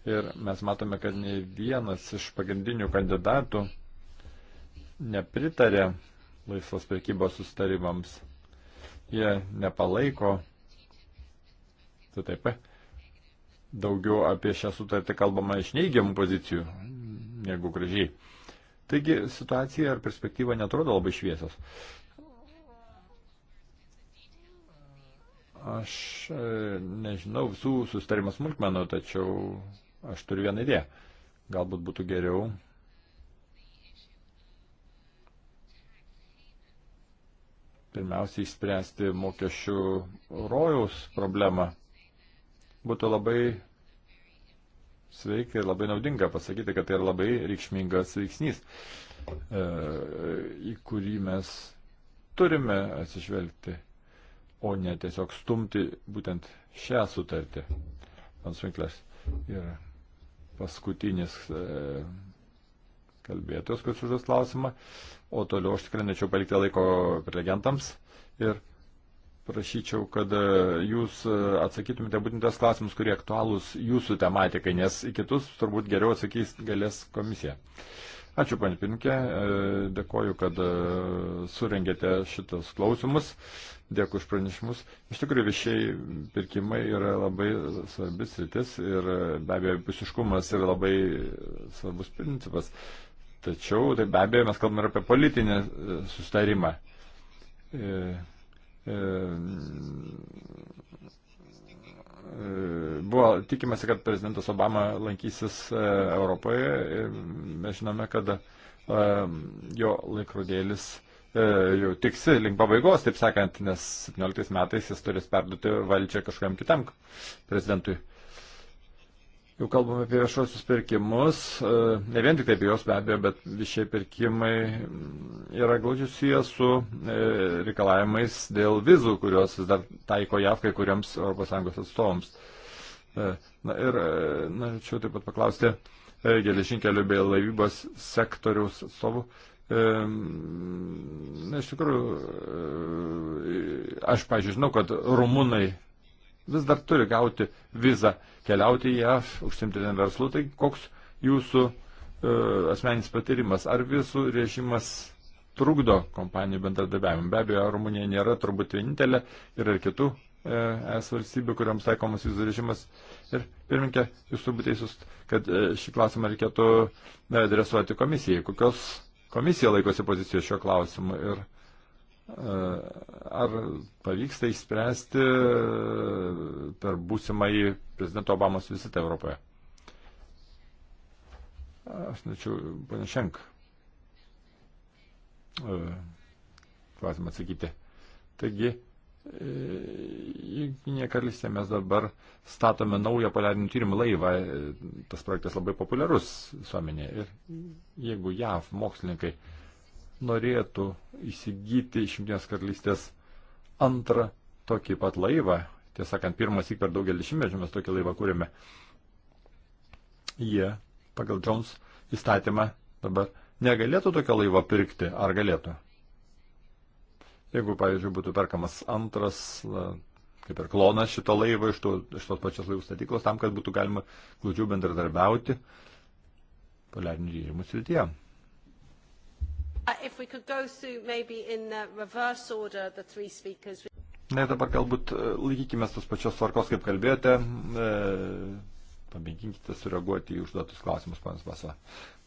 Speaker 3: Ir mes matome, kad ne vienas iš pagrindinių kandidatų nepritarė laisvos prekybos sustarimams. Jie nepalaiko. Tai taip, daugiau apie šią sutartį kalbama iš neigiamų pozicijų, negu gražiai. Taigi situacija ir perspektyva netrodo labai šviesios. Aš e, nežinau visų sustarimo smulkmenų, tačiau aš turiu vieną idėją. Galbūt būtų geriau pirmiausiai išspręsti mokesčių rojaus problemą. Būtų labai sveika ir labai naudinga pasakyti, kad tai yra labai reikšmingas veiksnys, e, į kurį mes turime atsižvelgti, o ne tiesiog stumti būtent šią sutartį. Pansvinklas yra paskutinis e, kalbėtojas, kuris užduos klausimą, o toliau aš tikrai nečiau palikti laiko prelegentams ir prašyčiau, kad e, jūs e, atsakytumėte būtent tas klausimus, kurie aktualūs jūsų tematikai, nes į kitus turbūt geriau atsakys galės komisija. Ačiū, pan Pinkė, e, dėkoju, kad surengėte šitos klausimus, dėkui už pranešimus. Iš tikrųjų, viešiai pirkimai yra labai svarbis rytis ir be abejo, pusiškumas yra labai svarbus principas. Tačiau, tai be abejo, mes kalbame ir apie politinę sustarimą. E, Ehm, ehm, buvo tikimasi, kad prezidentas Obama lankysis e, Europoje ir mes žinome, kad ehm, jo laikrodėlis e, jau tiksi link pabaigos, taip sakant, nes 17 metais jis turės perduoti valdžią kažkam kitam prezidentui. Jau kalbame apie viešuosius pirkimus, e, ne vien tik taip jos be abejo, bet viešieji pirkimai mm, yra glaudžiai susiję su e, reikalavimais dėl vizų, kuriuos vis dar taiko JAV kai kuriems ES atstovams. E, na ir norėčiau taip pat paklausti geležinkelių bei laivybos sektoriaus atstovų. Mm, na, iš tikrųjų, aš, pažiūrėjau, žinau, kad rumunai vis dar turi gauti vizą keliauti į JAV, užsimti ten verslų. Tai koks jūsų e, asmeninis patyrimas? Ar visų režimas trukdo kompanijų bendradarbiavimui? Be abejo, Rumunija nėra turbūt vienintelė, yra ir kitų e, es valstybių, kuriams taikomas vizų režimas. Ir pirminkė, jūs turbūt teisus, kad e, šį klausimą reikėtų e, adresuoti komisijai. Kokios komisija laikosi pozicijos šiuo klausimu ir Ar pavyks tai išspręsti e, per būsimąjį prezidento Obamos vizitą Europoje? Aš norėčiau, ponia Šenk, e, klausimą atsakyti. Taigi, e, Junktinėje karalystėje mes dabar statome naują poliarinių tyrimų laivą. Tas projektas labai populiarus visuomenėje. Ir jeigu JAV mokslininkai uh, norėtų įsigyti iš Junktinės karalystės antrą tokį pat laivą. Tiesąkant, pirmas įk per daugelį šimtmečių mes tokį laivą kūrėme. Jie pagal Jones įstatymą dabar negalėtų tokio laivo pirkti, ar galėtų? Jeigu, pavyzdžiui, būtų perkamas antras, kaip ir klonas šito laivo iš, to, iš tos pačios laivų statyklos, tam, kad būtų galima glaudžiau bendradarbiauti poliarinių tyrimų srityje.
Speaker 2: Uh, if we could go through
Speaker 1: maybe in the uh, reverse order the three speakers.
Speaker 3: Na ir dabar galbūt uh, laikykime tos pačios tvarkos, kaip kalbėjote. E, pamėginkite sureaguoti į užduotus klausimus, panas Basa,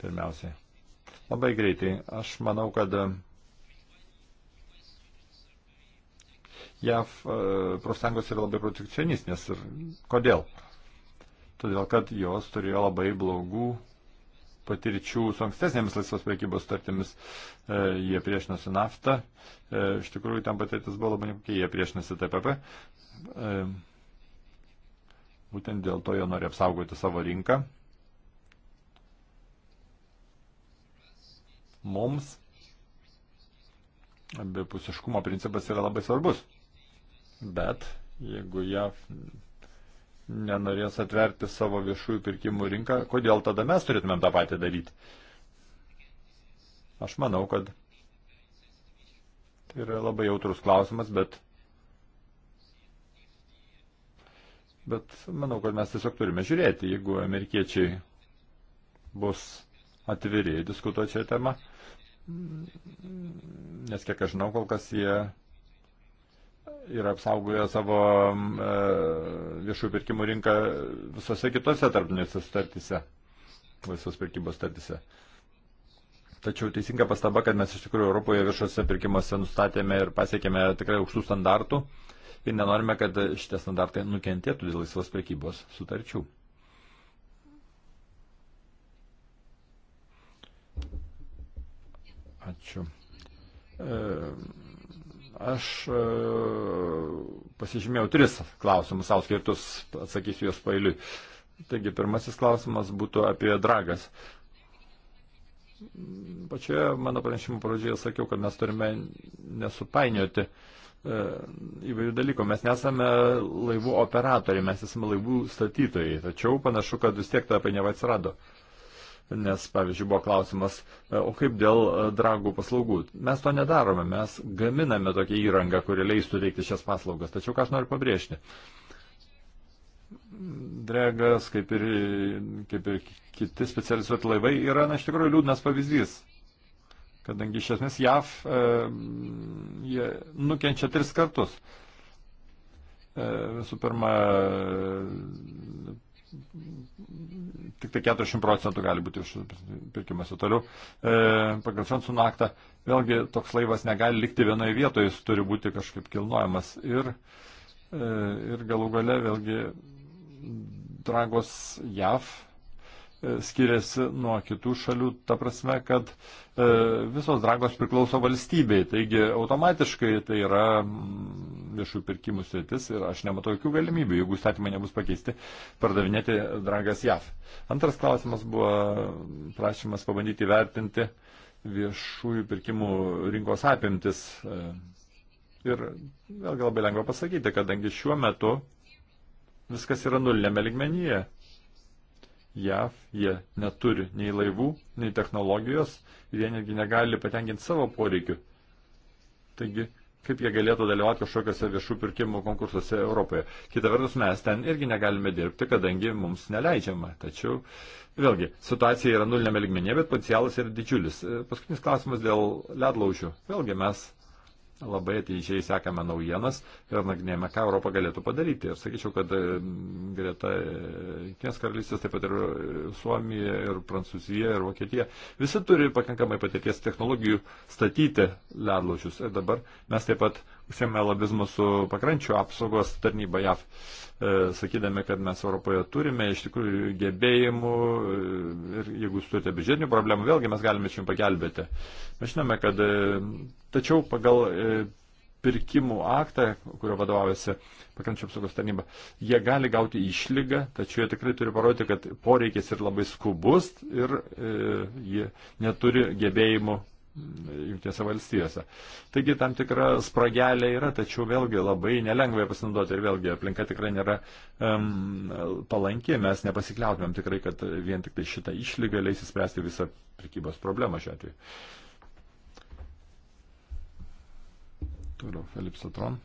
Speaker 3: pirmiausiai. Labai greitai. Aš manau, kad JAV profsąjungos yra labai protekcionistinės. Ir kodėl? Todėl, kad jos turėjo labai blogų patirčių su ankstesnėmis laisvos priekybos startimis. E, jie priešinosi naftą, e, iš tikrųjų ten patirtis buvo labai nekokia, jie priešinosi TPP. E, būtent dėl to jie nori apsaugoti savo rinką. Mums abipusiškumo principas yra labai svarbus. Bet jeigu JAV nenorės atverti savo viešųjų pirkimų rinką, kodėl tada mes turėtumėm tą patį daryti? Aš manau, kad tai yra labai jautrus klausimas, bet, bet manau, kad mes tiesiog turime žiūrėti, jeigu amerikiečiai bus atviri diskutuoti šią temą, nes kiek aš žinau, kol kas jie yra apsaugoję savo e, viešųjų pirkimų rinką visose kitose tarpinėse sutartyse, visos pirkybos sutartyse. Tačiau teisinga pastaba, kad mes iš tikrųjų Europoje viešose pirkimuose nustatėme ir pasiekėme tikrai aukštų standartų ir nenorime, kad šitie standartai nukentėtų dėl laisvos prekybos sutarčių. Ačiū. E, Aš e, pasižymėjau tris klausimus savo skirtus, atsakysiu juos pailiui. Taigi, pirmasis klausimas būtų apie dragas. Pačioje mano pranešimo pradžioje sakiau, kad mes turime nesupainioti e, įvairių dalykų. Mes nesame laivų operatoriai, mes esame laivų statytojai. Tačiau panašu, kad vis tiek ta painiava atsirado. Uh, nes, pavyzdžiui, buvo klausimas, e, o kaip dėl e, dragų paslaugų? Mes to nedarome, mes gaminame tokią įrangą, kuri leistų teikti šias paslaugas. Tačiau ką aš noriu pabrėžti? Dregas, kaip ir, kaip ir kiti specializuoti laivai, yra, na, iš tikrųjų liūdnas pavyzdys. Kadangi iš esmės JAV e, jie nukenčia tris kartus. E, visų pirma, tik tai 40 procentų gali būti pirkimas toliau. E, pagal Šonsų aktą vėlgi toks laivas negali likti vienoje vietoje, jis turi būti kažkaip kilnojamas. Ir, e, ir galų gale vėlgi Dragos JAV skiriasi nuo kitų šalių, ta prasme, kad e, visos dragos priklauso valstybei, taigi automatiškai tai yra mm, viešų pirkimų sritis ir aš nematau jokių galimybių, jeigu įstatymai nebus pakeisti, pardavinėti dragas JAV. Antras klausimas buvo prašymas pabandyti vertinti viešųjų pirkimų rinkos apimtis. E, ir vėlgi labai lengva pasakyti, kadangi šiuo metu viskas yra nulėmė ligmenyje. JAV jie neturi nei laivų, nei technologijos ir jie netgi negali patenkinti savo poreikių. Taigi, kaip jie galėtų dalyvauti kažkokiuose viešų pirkimų konkursuose Europoje. Kita vertus, mes ten irgi negalime dirbti, kadangi mums neleidžiama. Tačiau, vėlgi, situacija yra nulinėme ligmenyje, bet potencialas yra didžiulis. Paskutinis klausimas dėl ledlaužių. Vėlgi, mes labai ateičiai sekame naujienas ir nagrinėjame, ką Europą galėtų padaryti. Ir sakyčiau, kad mm, greta Kinės e, karalystės, taip pat ir Suomija, ir Prancūzija, ir Vokietija, visi turi pakankamai patirties technologijų statyti ledlaužius. Ir dabar mes taip pat užsiemė lobizmų su pakrančių apsaugos tarnyba JAV, e, sakydami, kad mes Europoje turime iš tikrųjų gebėjimų e, ir jeigu jūs turite biudžetinių problemų, vėlgi mes galime čia jums pagelbėti. Mes žinome, kad e, tačiau pagal pirkimų aktą, kurio vadovaujasi pakrančių apsaugos tarnyba, jie gali gauti išlygą, tačiau jie tikrai turi parodyti, kad poreikis ir labai skubus ir e, jie neturi gebėjimų Junktinėse valstijose. Taigi tam tikra spragelė yra, tačiau vėlgi labai nelengva pasinaudoti ir vėlgi aplinka tikrai nėra um, palanki, mes nepasikliautumėm tikrai, kad vien tik tai šitą išlygą leis įspręsti visą prekybos problemą šiuo atveju. Toliau, Felips Atron.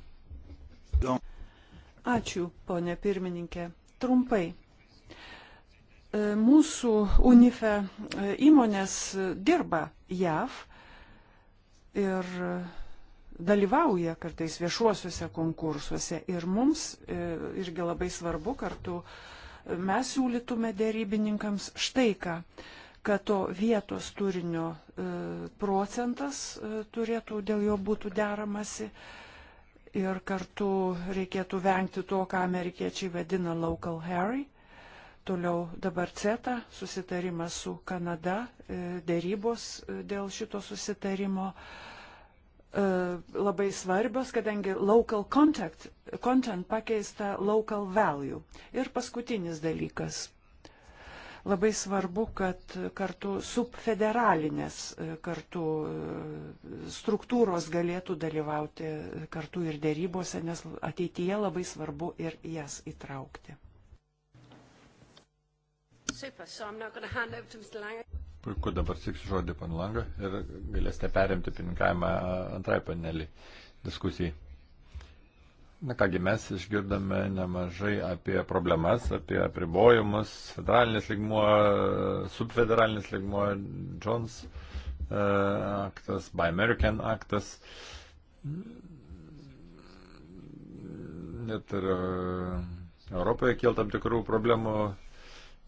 Speaker 2: Ačiū, ponė pirmininkė. Trumpai e, mūsų UNIFE e, įmonės dirba JAV ir dalyvauja kartais viešuosiuose konkursuose. Ir mums e, irgi labai svarbu kartu mes siūlytume dėrybininkams štai ką kad to vietos turinio e, procentas e, turėtų, dėl jo būtų deramasi ir kartu reikėtų vengti to, ką amerikiečiai vadina local Harry, Toliau dabar CETA, susitarimas su Kanada, e, dėrybos e, dėl šito susitarimo e, labai svarbios, kadangi local contact, content pakeista local value. Ir paskutinis dalykas. Labai svarbu, kad kartu subfederalinės kartu struktūros galėtų dalyvauti kartu ir dėrybose, nes ateityje labai svarbu ir jas įtraukti. Super, so I'm now going to hand over to Mr. Lange.
Speaker 3: Puiku, dabar siksiu žodį pan Langą ir galėsite perimti pininkavimą antrai panelį diskusijai. Na kągi, mes išgirdome nemažai apie problemas, apie apribojimus, federalinis ligmuo, subfederalinis ligmuo, Jones aktas, Buy American aktas. Net ir Europoje kiel tam tikrų problemų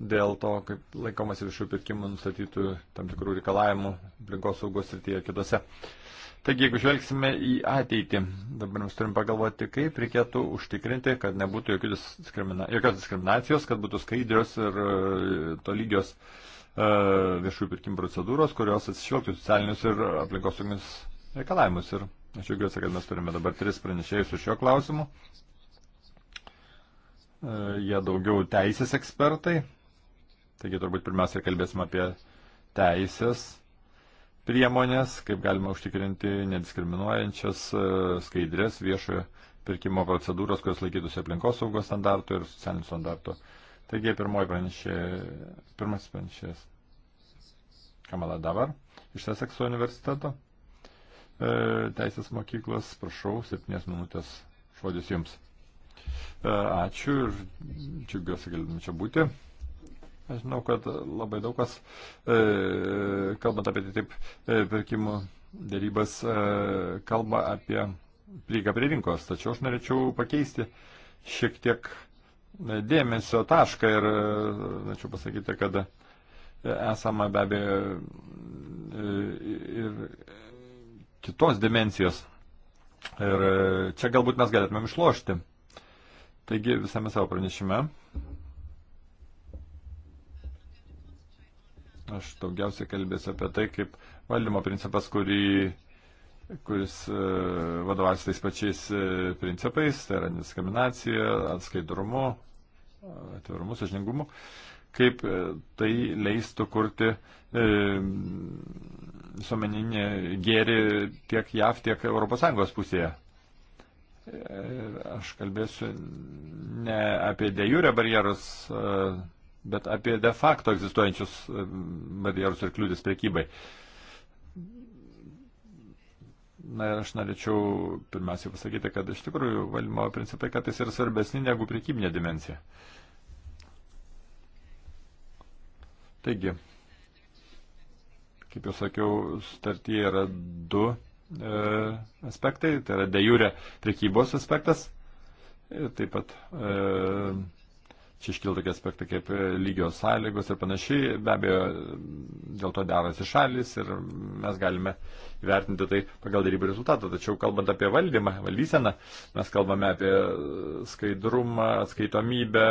Speaker 3: dėl to, kaip laikomasi viešų pirkimų nustatytų tam tikrų reikalavimų aplinkos saugos srityje kitose. Taigi, jeigu žvelgsime į ateitį, dabar mes turim pagalvoti, kaip reikėtų užtikrinti, kad nebūtų jokios, diskrimina, jokios diskriminacijos, kad būtų skaidrios ir e, tolygios uh, viešųjų pirkimų procedūros, kurios atsižvelgtų socialinius ir aplinkosauginius reikalavimus. Ir aš džiaugiuosi, kad mes turime dabar tris pranešėjus su šiuo klausimu. Uh, jie daugiau teisės ekspertai, Taigi turbūt pirmiausia kalbėsim apie teisės priemonės, kaip galima užtikrinti nediskriminuojančias e, skaidrės viešojo pirkimo procedūros, kurios laikytųsi aplinkos saugos standartų ir socialinių standartų. Taigi pirmoji pranešė, pirmasis pranešės Kamala Davar iš Sesekso universiteto e, teisės mokyklos. Prašau, septynės minutės žodis jums. E, ačiū ir džiugiuosi galėdami čia būti. Aš žinau, kad labai daug kas, e, kalbant apie taip e, pirkimų dėrybas, e, kalba apie prieigą prie rinkos. Tačiau aš norėčiau pakeisti šiek tiek e, dėmesio tašką ir e, norėčiau pasakyti, kad e, esama be abejo ir kitos dimensijos. Ir čia galbūt mes galėtumėm išlošti. Taigi visame savo pranešime Aš daugiausiai kalbėsiu apie tai, kaip valdymo principas, kurį, kuris e, vadovasi tais pačiais e, principais, tai yra diskriminacija, atskaidrumu, atvirumu, sažiningumu, kaip e, tai leistų kurti visuomeninį gėrį tiek JAV, tiek ES pusėje. Ir aš kalbėsiu ne apie dėjūrę barjerus, bet apie de facto egzistuojančius e, barjerus ir kliūtis prekybai. Na ir aš norėčiau pirmiausiai pasakyti, kad iš tikrųjų valymo principai kartais yra svarbesni negu prekybinė dimensija. Taigi, kaip jau sakiau, sutartyje yra du e, aspektai, tai yra de jure prekybos aspektas ir taip pat e, Čia iškyla tokie aspektai kaip e, lygios sąlygos ir panašiai. Be abejo, dėl to derasi šalis ir mes galime vertinti tai pagal darybų rezultatą. Tačiau kalbant apie valdymą, valdyseną, mes kalbame apie skaidrumą, atskaitomybę,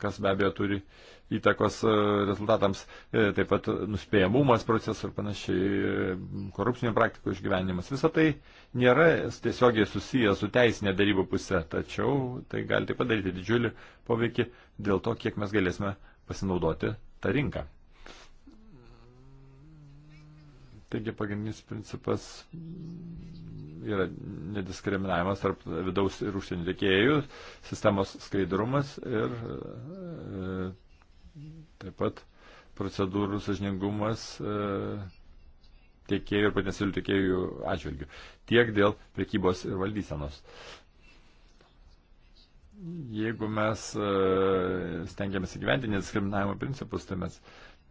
Speaker 3: kas be abejo turi uh, įtakos e, rezultatams, e, taip pat nuspėjamumas procesų ir panašiai, e, korupcinių praktikų išgyvenimas. Visą tai nėra tiesiogiai susiję su teisinė darybų pusė, tačiau tai gali taip padaryti didžiulį poveikį dėl to, kiek mes galėsime pasinaudoti tą rinką. Taigi pagrindinis principas yra nediskriminavimas tarp vidaus ir užsienio tiekėjų, sistemos skaidrumas ir e, Taip pat procedūrų sažiningumas e, tiekėjų ir potencialių tiekėjų atžvilgių. Tiek dėl prekybos ir valdysenos. Jeigu mes e, stengiamės įgyvendinti diskriminavimo principus, tai mes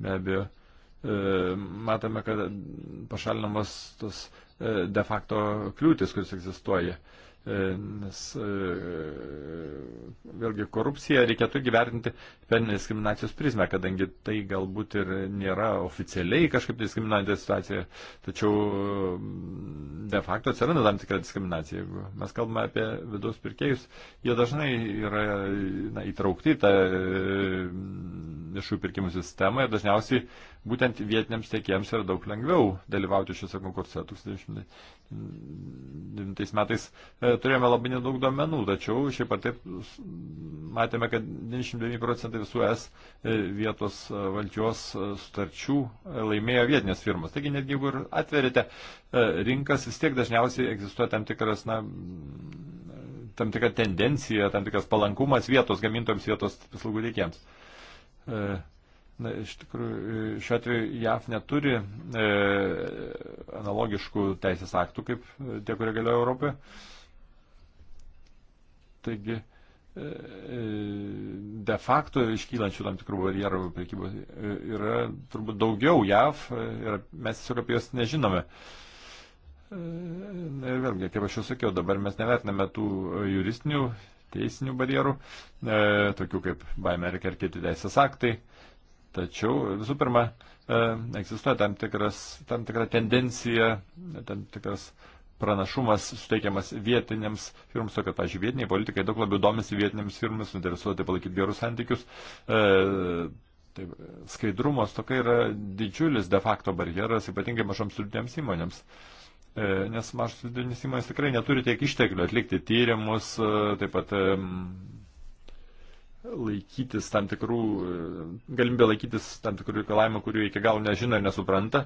Speaker 3: be abejo e, matome, kad pašalinamos tos de facto kliūtis, kuris egzistuoja. E, nes e, vėlgi korupciją reikėtų gyvertinti per diskriminacijos prizmę, kadangi tai galbūt ir nėra oficialiai kažkaip diskriminuojanti situacija, tačiau mm, de facto atsiranda tam tikra diskriminacija. Jeigu mes kalbame apie vidaus pirkėjus, jie dažnai yra na, įtraukti į tą e, viešųjų pirkimų sistemą ir dažniausiai būtent vietiniams tiekėjams yra daug lengviau dalyvauti šiuose konkurse. 2009 metais e, turėjome labai nedaug duomenų, tačiau šiaip ar taip matėme, kad 99 procentai visų es e, vietos e, valdžios sutarčių laimėjo vietinės firmas. Taigi netgi jeigu ir atverite rinkas, vis tiek dažniausiai egzistuoja tam tikras, na, tam tikra tendencija, tam tikras palankumas vietos gamintojams, vietos paslaugų teikėjams. E, Na, iš tikrųjų, šiuo atveju JAF neturi e, analogiškų teisės aktų, kaip e, tie, kurie galioja Europoje. Taigi, e, e, de facto iškylančių tam tikrų barjerų prekybos e, yra turbūt daugiau JAF ir mes tiesiog apie juos nežinome. Na ir vėlgi, kaip aš jau sakiau, dabar mes nevertiname tų juristinių, teisinių barjerų, e, tokių kaip baimė ar kiti teisės aktai. E, Tačiau visų pirma, e, egzistuoja tam, tikras, tam tikra tendencija, tam tikras pranašumas suteikiamas vietinėms firmams, tokio, pažiūrėjau, vietiniai politikai daug labiau domisi vietinėms firmams, interesuoti palaikyti gerus santykius. E, tai skaidrumos tokia yra didžiulis de facto barjeras, ypatingai mažoms vidutinėms įmonėms. E, nes mažos vidutinės įmonės tikrai neturi tiek išteklių atlikti tyrimus, e, taip pat e, laikytis tam tikrų, e, galimybė laikytis tam tikrų reikalavimų, kurių iki galo nežino ir nesupranta.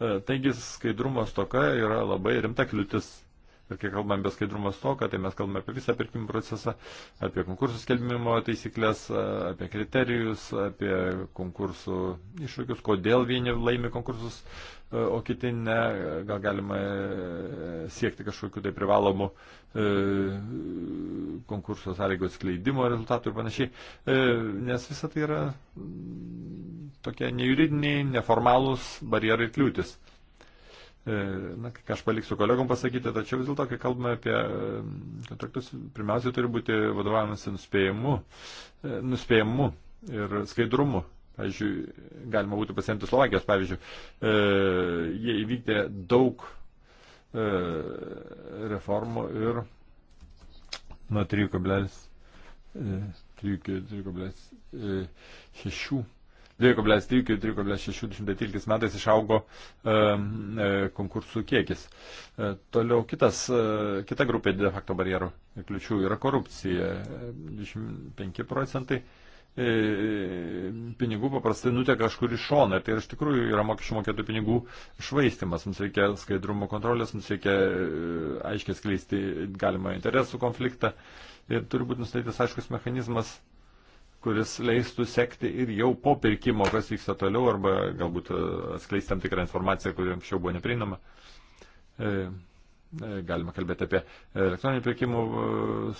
Speaker 3: E, taigi skaidrumo stoka yra labai rimta kliūtis. Ir kai kalbame apie skaidrumo stoką, tai mes kalbame apie visą pirkimų procesą, apie konkursų skelbimo taisyklės, e, apie kriterijus, apie konkursų iššūkius, kodėl vieni laimi konkursus, o kiti ne, gal galima siekti kažkokiu tai privalomu E, konkurso sąlygos skleidimo rezultatų ir panašiai, e, nes visa tai yra mm, tokie nejuridiniai, neformalūs barjerai kliūtis. E, na, ką aš paliksiu kolegom pasakyti, tačiau vis dėlto, kai kalbame apie kontraktus, pirmiausia, turi būti vadovavimas nuspėjimu, nuspėjimu ir skaidrumu. Pavyzdžiui, galima būtų pasiemti Slovakijos, pavyzdžiui, e, jie įvykdė daug E, reformų ir nuo 3,6 2,3-3,6 e, e, metais išaugo konkursų kiekis. Toliau kitas, kita grupė de facto barjerų ir kliučių yra korupcija. 25 procentai E, pinigų paprastai nuteka kažkur į šoną. Tai iš tikrųjų yra mokesčių mokėtų pinigų švaistimas. Mums reikia skaidrumo kontrolės, mums reikia e, aiškiai skleisti galimą interesų konfliktą ir turi būti nustatytas aiškus mechanizmas, kuris leistų sekti ir jau po pirkimo, kas vyksta toliau, arba galbūt e, atskleisti tam tikrą informaciją, kuri anksčiau buvo neprieinama. E, galima kalbėti apie elektroninių pirkimų e,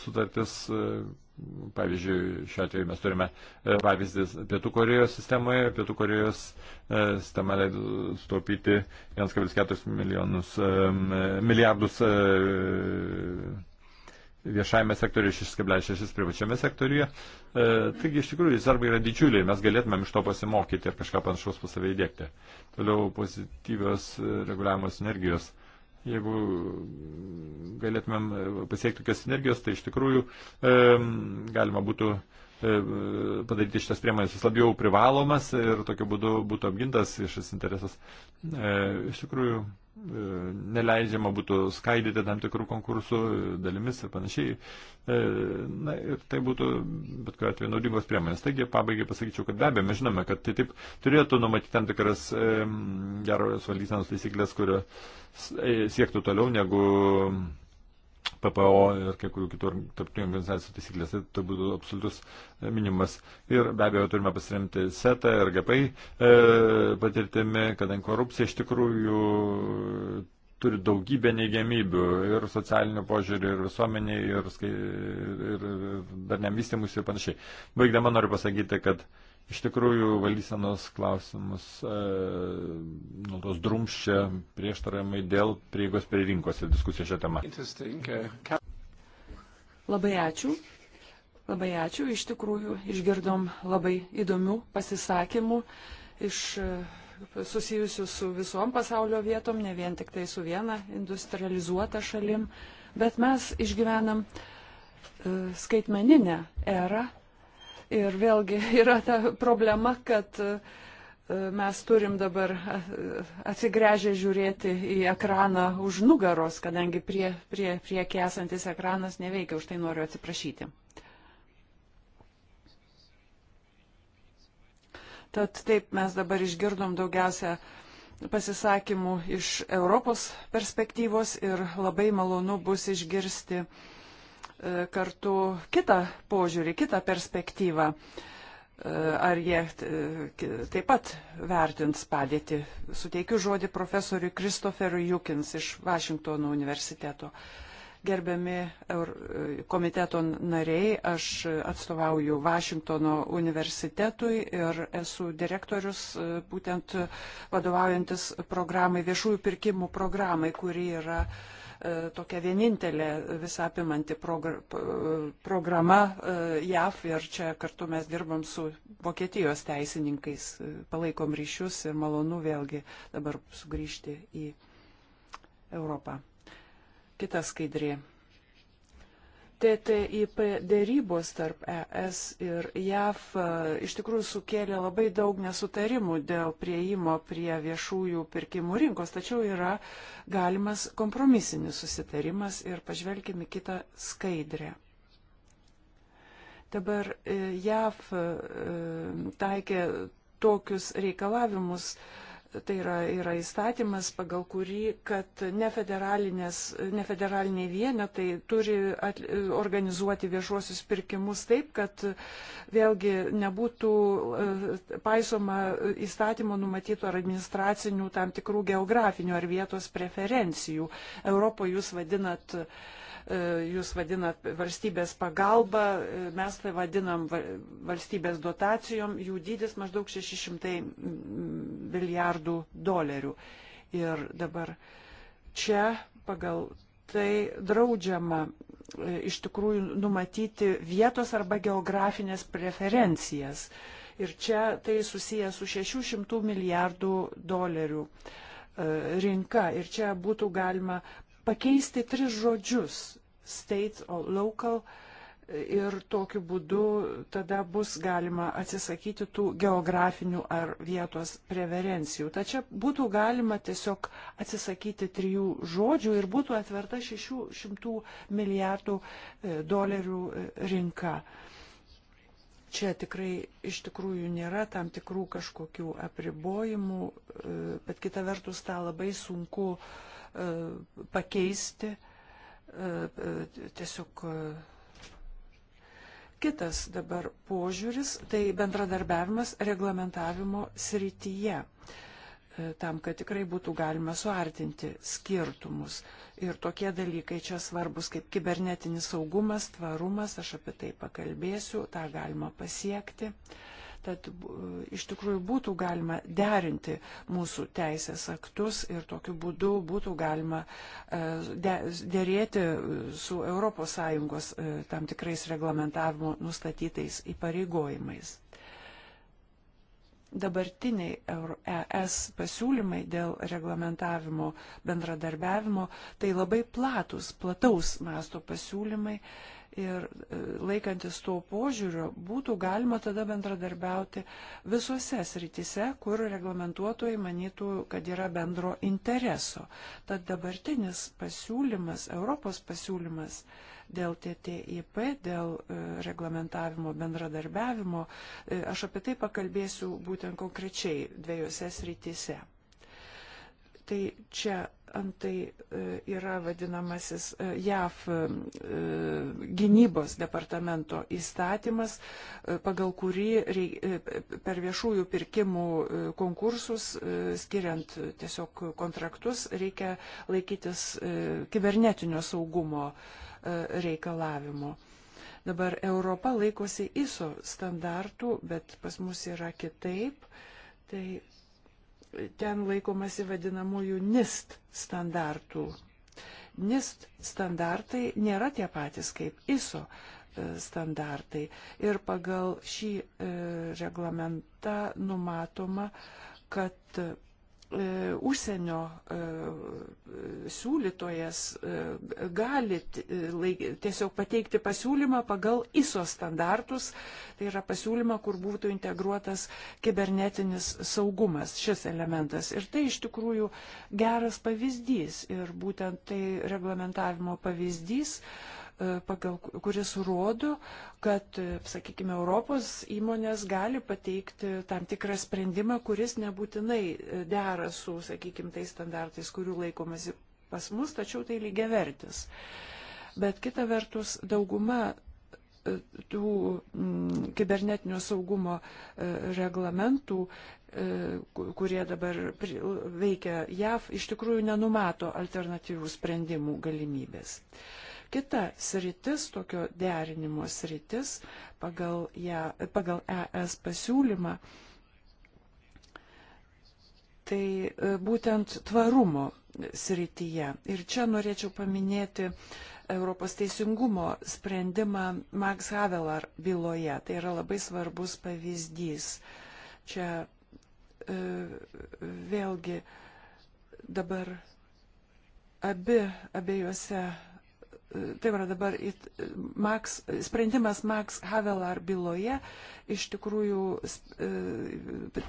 Speaker 3: sutartis. E, pavyzdžiui, šiuo atveju mes turime pavyzdį Pietų Korejos sistemoje. Pietų Korejos sistema leido sutaupyti 1,4 milijardus viešajame sektoriuje 6,6 privačiame sektoriuje. E, taigi iš tikrųjų svarbai yra didžiuliai, mes galėtumėm iš to pasimokyti ir kažką panašaus pas save įdėkti. Toliau pozityvios reguliavimo sinergijos. E, Jeigu galėtumėm e, pasiekti tokias energijos, tai iš tikrųjų e, galima būtų e, padaryti šitas priemonės vis labiau privalomas ir tokiu būdu būtų apgintas viešas interesas. E, iš tikrųjų, E, neleidžiama būtų skaidyti tam tikrų konkursų dalimis ir panašiai. E, na ir tai būtų bet kuriuo atveju naudingos priemonės. Taigi pabaigai pasakyčiau, kad be abejo mes žinome, kad tai taip turėtų numatyti tam tikras e, geros valdysenos taisyklės, kurio siektų toliau negu PPO ir kai kurių kitų tarptautinių organizacijų taisyklės, tai, tai būtų absoliutus e, minimas. Ir be abejo turime pasiremti SETA ir GPI e, patirtimi, kadangi korupcija iš tikrųjų e, turi daugybę neigiamybių ir socialinių požiūrių, ir visuomeniai, ir, ir, ir dar nemystimus ir panašiai. Baigdama noriu pasakyti, kad e, iš tikrųjų valdysenos klausimus e, nuolatos drumščia prieštaravimai dėl prieigos prie rinkos ir diskusija šią temą. Uh,
Speaker 2: labai ačiū. Labai ačiū. Iš tikrųjų išgirdom labai įdomių pasisakymų iš e, susijusių su visom pasaulio vietom, ne vien tik tai su viena industrializuota šalim, bet mes išgyvenam e, skaitmeninę erą Ir vėlgi yra ta problema, kad e, mes turim dabar e, atsigręžę žiūrėti į ekraną už nugaros, kadangi prie, prie, priekį esantis ekranas neveikia, už tai noriu atsiprašyti. Tad taip mes dabar išgirdom daugiausia pasisakymų iš Europos perspektyvos ir labai malonu bus išgirsti uh, E, kartu kitą požiūrį, kitą perspektyvą. E, ar jie e, taip pat vertins padėtį? Suteikiu žodį profesoriui Kristoferui Jukins iš Vašingtono universiteto. Gerbiami komiteto nariai, aš atstovauju Vašingtono universitetui ir esu direktorius būtent vadovaujantis programai, viešųjų pirkimų programai, kuri yra uh, E, tokia vienintelė visapimanti progr programa e, JAF ir čia kartu mes dirbam su Vokietijos teisininkais, e, palaikom ryšius ir malonu vėlgi dabar sugrįžti į Europą. Kita skaidrė. TTIP dėrybos tarp ES ir JAV e, iš tikrųjų sukėlė labai daug nesutarimų dėl prieimo prie viešųjų pirkimų rinkos, tačiau yra galimas kompromisinis susitarimas ir pažvelkime kitą skaidrę. Dabar e, JAV e, taikė tokius reikalavimus, uh, Tai yra, yra įstatymas, pagal kurį, kad nefederaliniai vienetai turi at, organizuoti viešuosius pirkimus taip, kad vėlgi nebūtų e, paisoma įstatymo numatytų ar administracinių tam tikrų geografinių ar vietos preferencijų. Europoje jūs vadinat uh, E, jūs vadinat valstybės pagalba, e, mes tai vadinam valstybės dotacijom, jų dydis maždaug 600 milijardų dolerių. Ir dabar čia pagal tai draudžiama e, iš tikrųjų numatyti vietos arba geografinės preferencijas. Ir čia tai susijęs su 600 milijardų dolerių rinka. Ir čia būtų galima pakeisti tris žodžius - state or local. Ir tokiu būdu tada bus galima atsisakyti tų geografinių ar vietos preferencijų. Tačiau būtų galima tiesiog atsisakyti trijų žodžių ir būtų atverta 600 milijardų e, dolerių e, rinka čia tikrai iš tikrųjų nėra tam tikrų kažkokių apribojimų, e, bet kita vertus tą labai sunku pakeisti tiesiog kitas dabar požiūris, tai bendradarbiavimas reglamentavimo srityje tam, kad tikrai būtų galima suartinti skirtumus. Ir tokie dalykai čia svarbus kaip kibernetinis saugumas, tvarumas, aš apie tai pakalbėsiu, tą galima pasiekti. Uh, Tad e, iš tikrųjų būtų galima derinti mūsų teisės aktus ir tokiu būdu būtų galima e, dėrėti e, su ES tam tikrais reglamentavimo nustatytais įpareigojimais. Dabartiniai ES pasiūlymai dėl reglamentavimo bendradarbiavimo tai labai platus, plataus masto pasiūlymai ir e, laikantis to požiūrio būtų galima tada bendradarbiauti visose srityse, kur reglamentuotojai manytų, kad yra bendro intereso. Tad dabartinis pasiūlymas, Europos pasiūlymas dėl TTIP, dėl e, reglamentavimo bendradarbiavimo, e, aš apie tai pakalbėsiu būtent konkrečiai dviejose srityse. Tai čia antai e, yra vadinamasis e, JAV e, gynybos departamento įstatymas, pagal kurį per viešųjų pirkimų konkursus, skiriant tiesiog kontraktus, reikia laikytis kibernetinio saugumo reikalavimo. Dabar Europa laikosi ISO standartų, bet pas mus yra kitaip. Tai ten laikomasi vadinamųjų NIST standartų. NIST standartai nėra tie patys kaip ISO e, standartai. Ir pagal šį e, reglamentą numatoma, kad E, užsienio e, siūlytojas e, gali tiesiog pateikti pasiūlymą pagal ISO standartus, tai yra pasiūlymą, kur būtų integruotas kibernetinis saugumas, šis elementas. Ir tai iš tikrųjų geras pavyzdys ir būtent tai reglamentavimo pavyzdys, E, pagal, kuris rodo, kad, e, sakykime, Europos įmonės gali pateikti tam tikrą sprendimą, kuris nebūtinai e, dera su, sakykime, tais standartais, kurių laikomasi pas mus, tačiau tai lygiavertis. Bet kita vertus, dauguma tų kibernetinio saugumo reglamentų, kurie dabar veikia JAV, iš tikrųjų nenumato alternatyvių sprendimų galimybės. Uh, Kita sritis, tokio derinimo sritis, pagal, ją, pagal ES pasiūlymą, tai e, būtent tvarumo srityje. Ir čia norėčiau paminėti Europos teisingumo sprendimą Max Havelar byloje. Tai yra labai svarbus pavyzdys. Čia e, vėlgi dabar abi, abiejose tai yra dabar it, Max, sprendimas Max Havelar byloje iš tikrųjų e,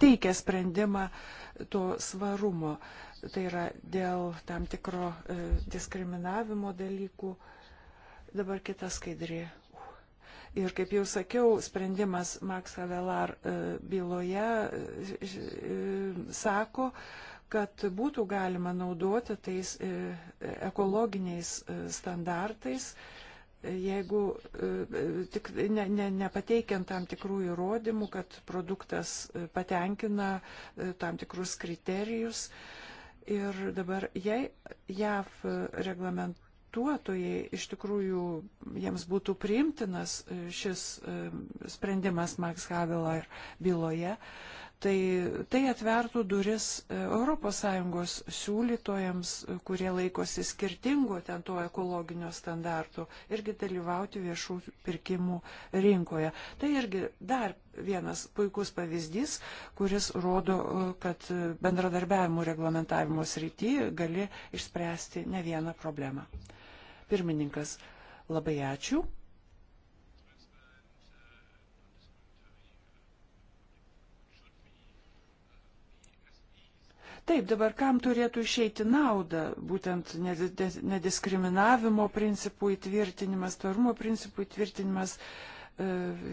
Speaker 2: teikia sprendimą to svarumo. Tai yra dėl tam tikro e, diskriminavimo dalykų. Dabar kita skaidrė. Ir kaip jau sakiau, sprendimas Max Havelar e, byloje sako, kad būtų galima naudoti tais e, ekologiniais e, standartais, jeigu e, tik ne, ne, nepateikiant tam tikrų įrodymų, kad produktas patenkina tam tikrus kriterijus. Ir dabar, jei JAV reglament, investuotojai iš tikrųjų jiems būtų priimtinas šis sprendimas Max Havelair byloje, tai tai atvertų duris e, ES siūlytojams, e, kurie laikosi skirtingų ten to ekologinio standartų, irgi dalyvauti viešų pirkimų rinkoje. Tai irgi dar vienas puikus pavyzdys, kuris rodo, e, kad bendradarbiavimų reglamentavimo srityje gali išspręsti ne vieną problemą. Pirmininkas, labai ačiū. Taip, dabar kam turėtų išeiti nauda, būtent nediskriminavimo principų įtvirtinimas, tvarumo principų įtvirtinimas e,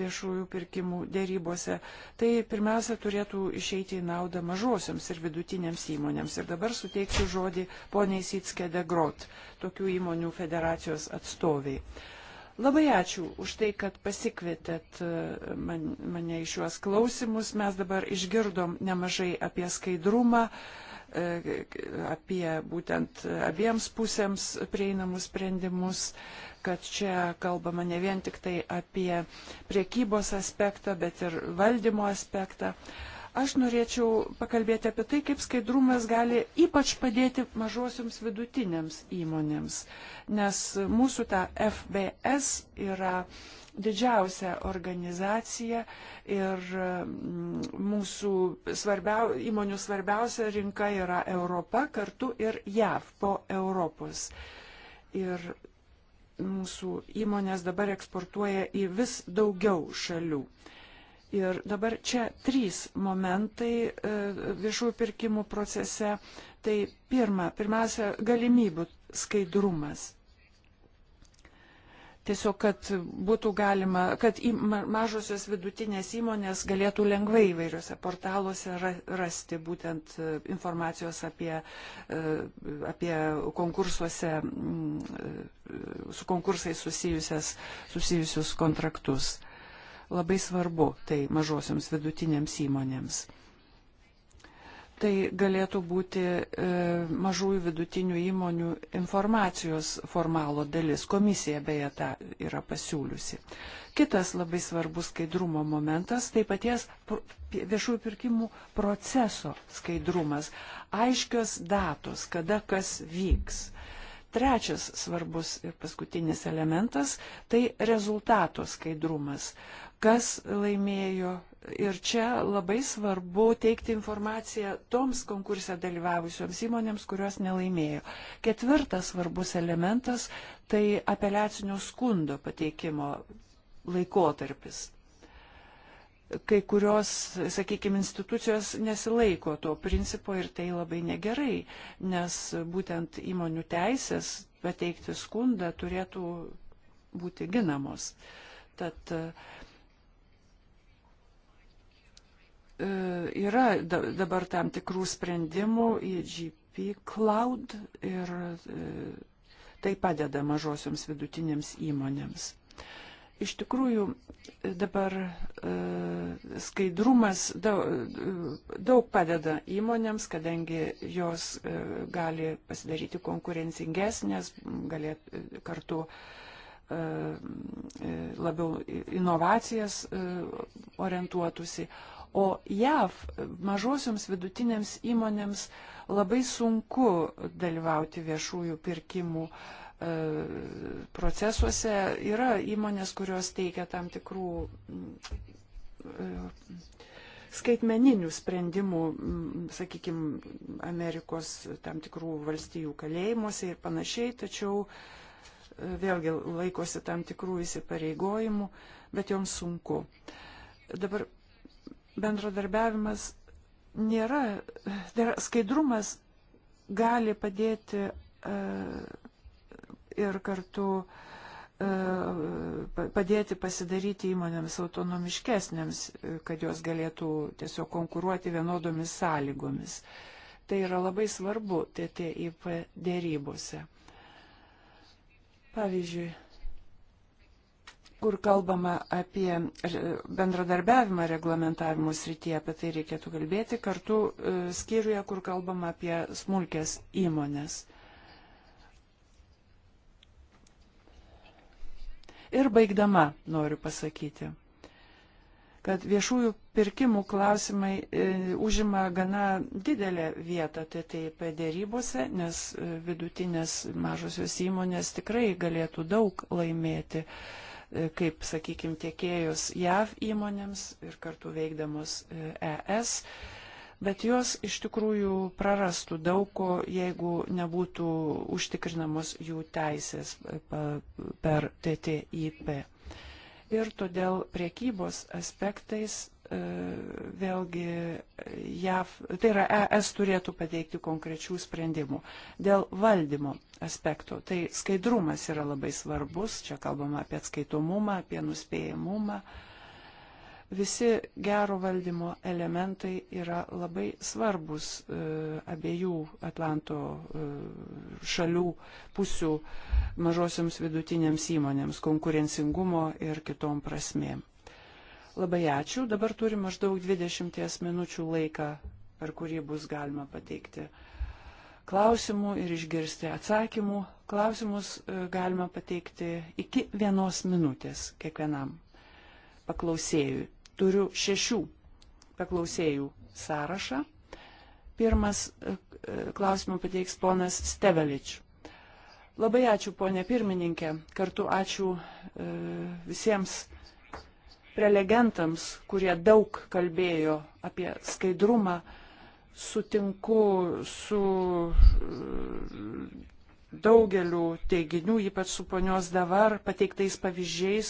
Speaker 2: viešųjų pirkimų dėrybose, tai pirmiausia turėtų išeiti į naudą mažosiams ir vidutinėms įmonėms. Ir dabar suteiksiu žodį poniai Sitske de Grot, tokių įmonių federacijos atstoviai. Labai ačiū už tai, kad pasikvietėt e, man, mane į šiuos klausimus. Mes dabar išgirdom nemažai apie skaidrumą, apie būtent abiems pusėms prieinamus sprendimus, kad čia kalbama ne vien tik tai apie priekybos aspektą, bet ir valdymo aspektą. Uh, Aš norėčiau pakalbėti apie tai, kaip skaidrumas gali ypač padėti mažosioms vidutinėms įmonėms, nes mūsų ta FBS yra didžiausia organizacija ir mm, mūsų svarbiau, įmonių svarbiausia rinka yra Europa kartu ir JAV po Europos. Ir mūsų įmonės dabar eksportuoja į vis daugiau šalių. Uh, Ir dabar čia trys momentai e, viešųjų pirkimų procese. Tai pirma, pirmiausia, galimybių skaidrumas. Tiesiog, kad būtų galima, kad mažosios vidutinės įmonės galėtų lengvai įvairiuose portaluose rasti būtent e, informacijos apie, e, apie konkursuose, su konkursais susijusius kontraktus labai svarbu tai mažosioms vidutinėms įmonėms. Tai galėtų būti e, mažųjų vidutinių įmonių informacijos formalo dalis. Komisija beje tą yra pasiūliusi. Kitas labai svarbus skaidrumo momentas - tai paties viešųjų pirkimų proceso skaidrumas. Aiškios datos, kada kas vyks. Trečias svarbus ir paskutinis elementas - tai rezultato skaidrumas kas laimėjo. Ir čia labai svarbu teikti informaciją toms konkurse dalyvavusioms įmonėms, kurios nelaimėjo. Ketvirtas svarbus elementas - tai apeliacinio skundo pateikimo laikotarpis kai kurios, sakykime, institucijos nesilaiko to principo ir tai labai negerai, nes būtent įmonių teisės pateikti skundą turėtų būti ginamos. Tad E, yra dabar tam tikrų sprendimų į e GP Cloud ir e, tai padeda mažosioms vidutinėms įmonėms. Iš tikrųjų, dabar skaidrumas daug padeda įmonėms, kadangi jos gali pasidaryti konkurencingesnės, galėt kartu labiau inovacijas orientuotusi. O JAV mažosioms vidutinėms įmonėms labai sunku dalyvauti viešųjų pirkimų e, procesuose. Yra įmonės, kurios teikia tam tikrų mm, e, skaitmeninių sprendimų, mm, sakykime, Amerikos tam tikrų valstijų kalėjimuose ir panašiai, tačiau e, vėlgi laikosi tam tikrų įsipareigojimų, bet joms sunku. Dabar bendradarbiavimas nėra, tai yra skaidrumas gali padėti e, ir kartu e, padėti pasidaryti įmonėms autonomiškesnėms, e, kad jos galėtų tiesiog konkuruoti vienodomis sąlygomis. Tai yra labai svarbu TTIP dėrybose. Pavyzdžiui, kur kalbama apie bendradarbiavimą reglamentavimo srityje, apie tai reikėtų kalbėti kartu e, skyriuje, kur kalbama apie smulkės įmonės. Ir baigdama noriu pasakyti, kad viešųjų pirkimų klausimai e, užima gana didelę vietą TTIP dėrybose, nes e, vidutinės mažosios įmonės tikrai galėtų daug laimėti. Uh, kaip, sakykime, tiekėjus JAV įmonėms ir kartu veikdamos ES, e bet jos iš tikrųjų prarastų daug ko, jeigu nebūtų užtikrinamos jų teisės e, per TTIP. Ir todėl priekybos aspektais E, vėlgi JAV, tai yra ES turėtų pateikti konkrečių sprendimų. Dėl valdymo aspektų, tai skaidrumas yra labai svarbus, čia kalbama apie atskaitomumą, apie nuspėjimumą. Visi gero valdymo elementai yra labai svarbus e, abiejų Atlanto e, šalių pusių mažosiams vidutinėms įmonėms, konkurencingumo ir kitom prasmėm. Labai ačiū. Dabar turim maždaug 20 minučių laiką, per kurį bus galima pateikti klausimų ir išgirsti atsakymų. Klausimus e, galima pateikti iki vienos minutės kiekvienam paklausėjui. Turiu šešių paklausėjų sąrašą. Pirmas e, e, klausimą pateiks ponas Stevelič. Labai ačiū, ponė pirmininkė. Kartu ačiū visiems prelegentams, kurie daug kalbėjo apie skaidrumą, sutinku su e, daugeliu teiginių, ypač su ponios dabar pateiktais pavyzdžiais,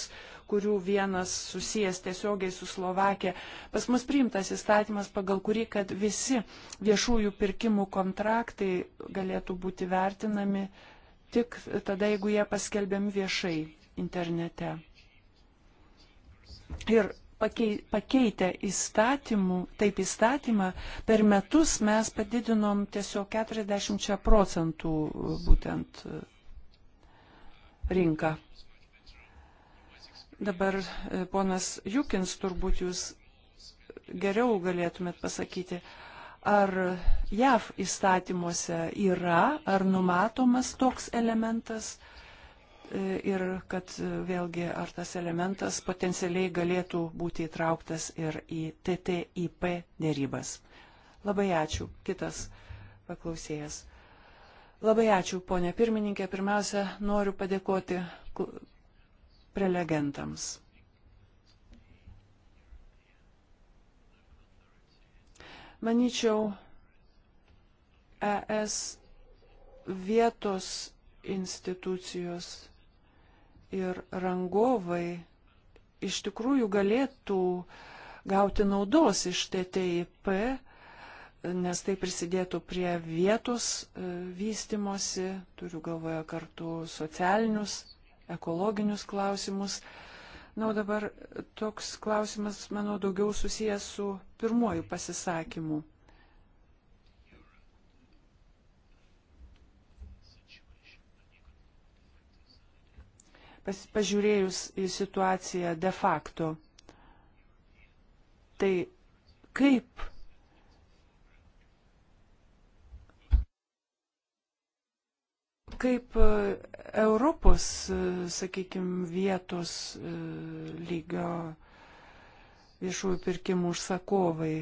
Speaker 2: kurių vienas susijęs tiesiogiai su Slovakija. Pas mus priimtas įstatymas, pagal kurį, kad visi viešųjų pirkimų kontraktai galėtų būti vertinami tik tada, jeigu jie paskelbiami viešai internete. Ir pakeitę įstatymų, taip įstatymą, per metus mes padidinom tiesiog 40 procentų e, būtent e, rinką. Dabar e, ponas Jukins, turbūt jūs geriau galėtumėt pasakyti, ar JAV įstatymuose yra, ar numatomas toks elementas, uh, ir kad e, vėlgi ar tas elementas potencialiai galėtų būti įtrauktas ir į TTIP dėrybas. Labai ačiū. Kitas paklausėjas. Labai ačiū, ponė pirmininkė. Pirmiausia, noriu padėkoti prelegentams. Manyčiau, ES vietos institucijos ir rangovai iš tikrųjų galėtų gauti naudos iš TTIP, nes tai prisidėtų prie vietos e, vystimosi, turiu galvoje kartu socialinius, ekologinius klausimus. Na, o dabar toks klausimas, manau, daugiau susijęs su pirmoju pasisakymu. pas, pažiūrėjus į situaciją de facto, tai kaip kaip e, Europos, e, sakykime, vietos e, lygio viešųjų pirkimų užsakovai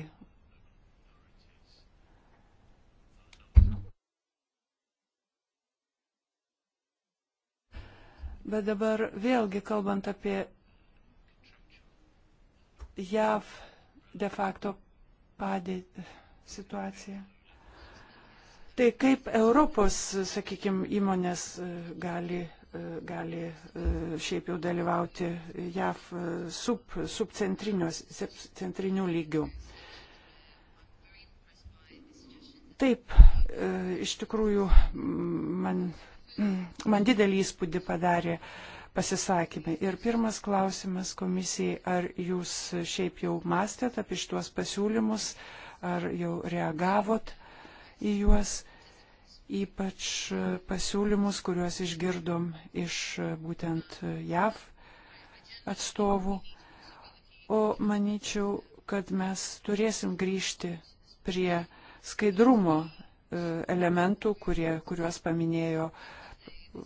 Speaker 2: Bet dabar vėlgi kalbant apie JAV de facto padėtį, situaciją. Tai kaip Europos, sakykime, įmonės e, gali, e, gali e, šiaip jau dalyvauti JAV sub, subcentrinių lygių? Taip, iš tikrųjų, man Mm, man didelį įspūdį padarė pasisakymai. Ir pirmas klausimas komisijai, ar jūs šiaip jau mąstėt apie šitos pasiūlymus, ar jau reagavot į juos, ypač pasiūlymus, kuriuos išgirdom iš būtent JAV atstovų. O manyčiau, kad mes turėsim grįžti prie skaidrumo e, elementų, kurie, kuriuos paminėjo uh,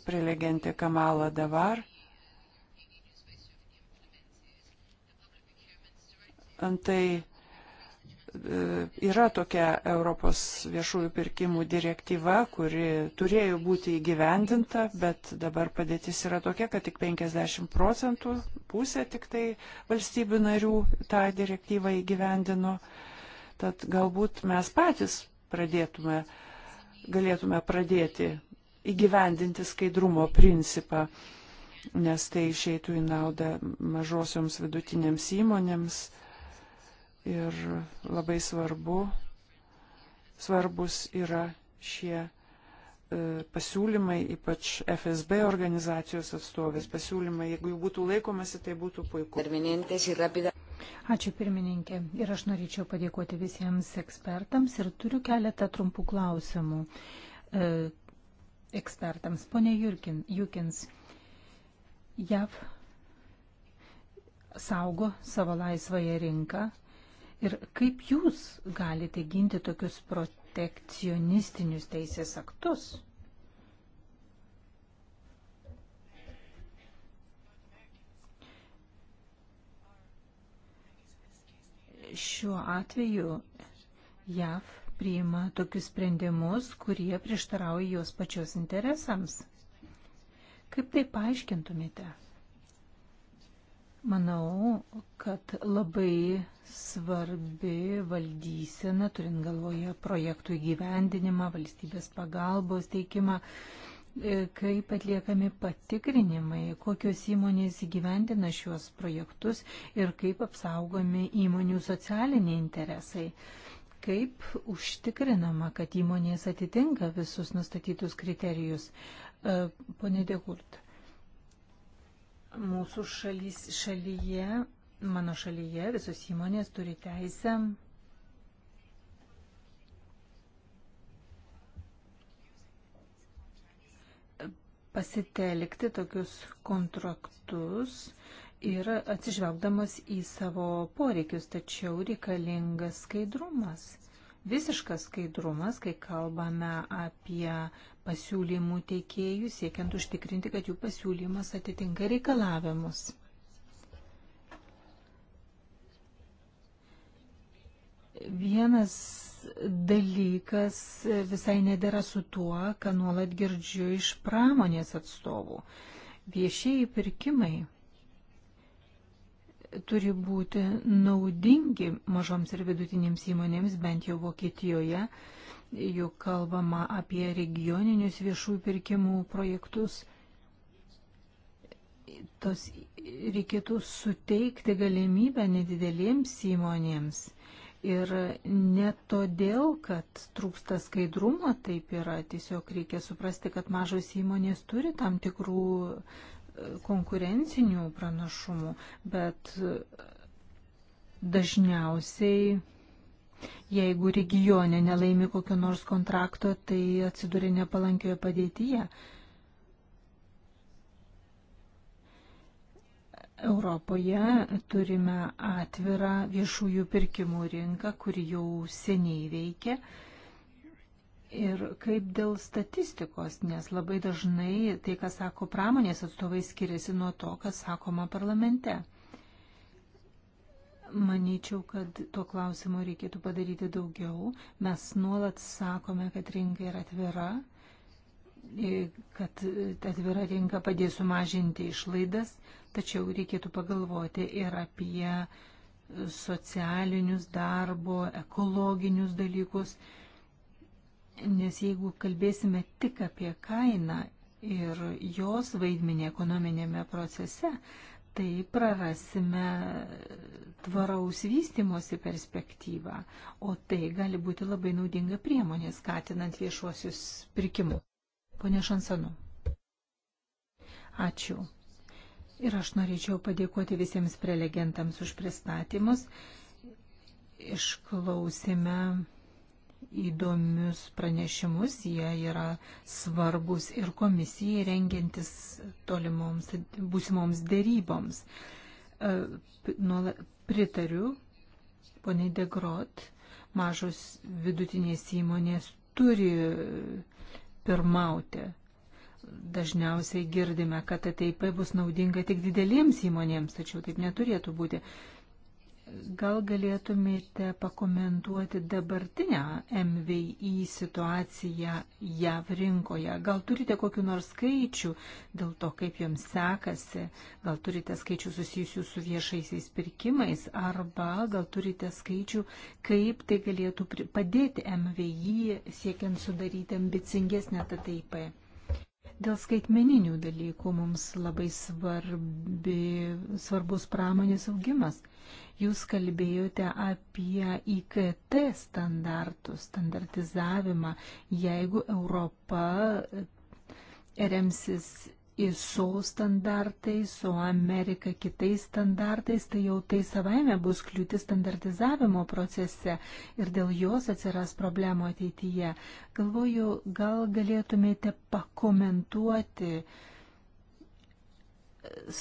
Speaker 2: prelegentė Kamala Davar. Antai e, yra tokia Europos viešųjų pirkimų direktyva, kuri turėjo būti įgyvendinta, bet dabar padėtis yra tokia, kad tik 50 procentų, pusė tik tai valstybių narių tą direktyvą įgyvendino. Tad galbūt mes patys pradėtume, galėtume pradėti įgyvendinti skaidrumo principą, nes tai išeitų į naudą mažosioms vidutinėms įmonėms ir labai svarbu, svarbus yra šie e, pasiūlymai, ypač FSB organizacijos atstovės pasiūlymai, jeigu jų būtų laikomasi, tai būtų puiku.
Speaker 1: Ačiū pirmininkė ir aš norėčiau padėkoti visiems ekspertams ir turiu keletą trumpų klausimų. E, ekspertams. Pone Jurkin, Jukins, JAV saugo savo laisvąją rinką ir kaip jūs galite ginti tokius protekcionistinius teisės aktus? Šiuo atveju JAV priima tokius sprendimus, kurie prieštarauja jos pačios interesams. Kaip tai paaiškintumėte? Manau, kad labai svarbi valdysena, turint galvoje projektų įgyvendinimą, valstybės pagalbos teikimą, e, kaip atliekami patikrinimai, kokios įmonės įgyvendina šiuos projektus ir kaip apsaugomi įmonių socialiniai interesai kaip užtikrinama, kad įmonės atitinka visus nustatytus kriterijus. E, Pone Degurt, mūsų šalys, šalyje, mano šalyje visos įmonės turi teisę pasitelkti tokius kontraktus, uh, ir atsižvelgdamas į savo poreikius, tačiau reikalingas skaidrumas. Visiškas skaidrumas, kai kalbame apie pasiūlymų teikėjus, siekiant užtikrinti, kad jų pasiūlymas atitinka reikalavimus. Vienas dalykas visai nedėra su tuo, ką nuolat girdžiu iš pramonės atstovų. Viešieji pirkimai turi būti naudingi mažoms ir vidutinėms įmonėms, bent jau Vokietijoje, juk kalbama apie regioninius viešųjų pirkimų projektus. Tos reikėtų suteikti galimybę nedidelėms įmonėms. Ir ne todėl, kad trūksta skaidrumo, taip yra, tiesiog reikia suprasti, kad mažos įmonės turi tam tikrų konkurencinių pranašumų, bet dažniausiai, jeigu regione nelaimi kokio nors kontrakto, tai atsiduria nepalankioje padėtyje. Europoje turime atvirą viešųjų pirkimų rinką, kuri jau seniai veikia. Ir kaip dėl statistikos, nes labai dažnai tai, kas sako pramonės atstovai, skiriasi nuo to, kas sakoma parlamente. Manyčiau, kad tuo klausimu reikėtų padaryti daugiau. Mes nuolat sakome, kad rinka yra atvira, kad atvira rinka padės sumažinti išlaidas, tačiau reikėtų pagalvoti ir apie socialinius darbo, ekologinius dalykus. Nes jeigu kalbėsime tik apie kainą ir jos vaidmenį ekonominėme procese, tai prarasime tvaraus vystimosi perspektyvą, o tai gali būti labai naudinga priemonė skatinant viešuosius pirkimus. Pone Šansanu. Ačiū. Ir aš norėčiau padėkoti visiems prelegentams už pristatymus. Išklausime įdomius pranešimus, jie yra svarbus ir komisijai rengiantis tolimoms būsimoms dėryboms. E, pritariu, poniai Degrot, mažos vidutinės įmonės turi pirmauti. Dažniausiai girdime, kad ATP bus naudinga tik didelėms įmonėms, tačiau taip neturėtų būti. Gal galėtumėte pakomentuoti dabartinę MVI situaciją JAV rinkoje? Gal turite kokiu nors skaičių dėl to, kaip jums sekasi? Gal turite skaičių susijusių su viešaisiais pirkimais? Arba gal turite skaičių, kaip tai galėtų padėti MVI siekiant sudaryti ambicingesnę TTIP? Dėl skaitmeninių dalykų mums labai svarbi, svarbus pramonės augimas. Jūs kalbėjote apie IKT standartus, standartizavimą. Jeigu Europa remsis ISO standartais, o Amerika kitais standartais, tai jau tai savaime bus kliūtis standartizavimo procese ir dėl jos atsiras problemų ateityje. Galvoju, gal galėtumėte pakomentuoti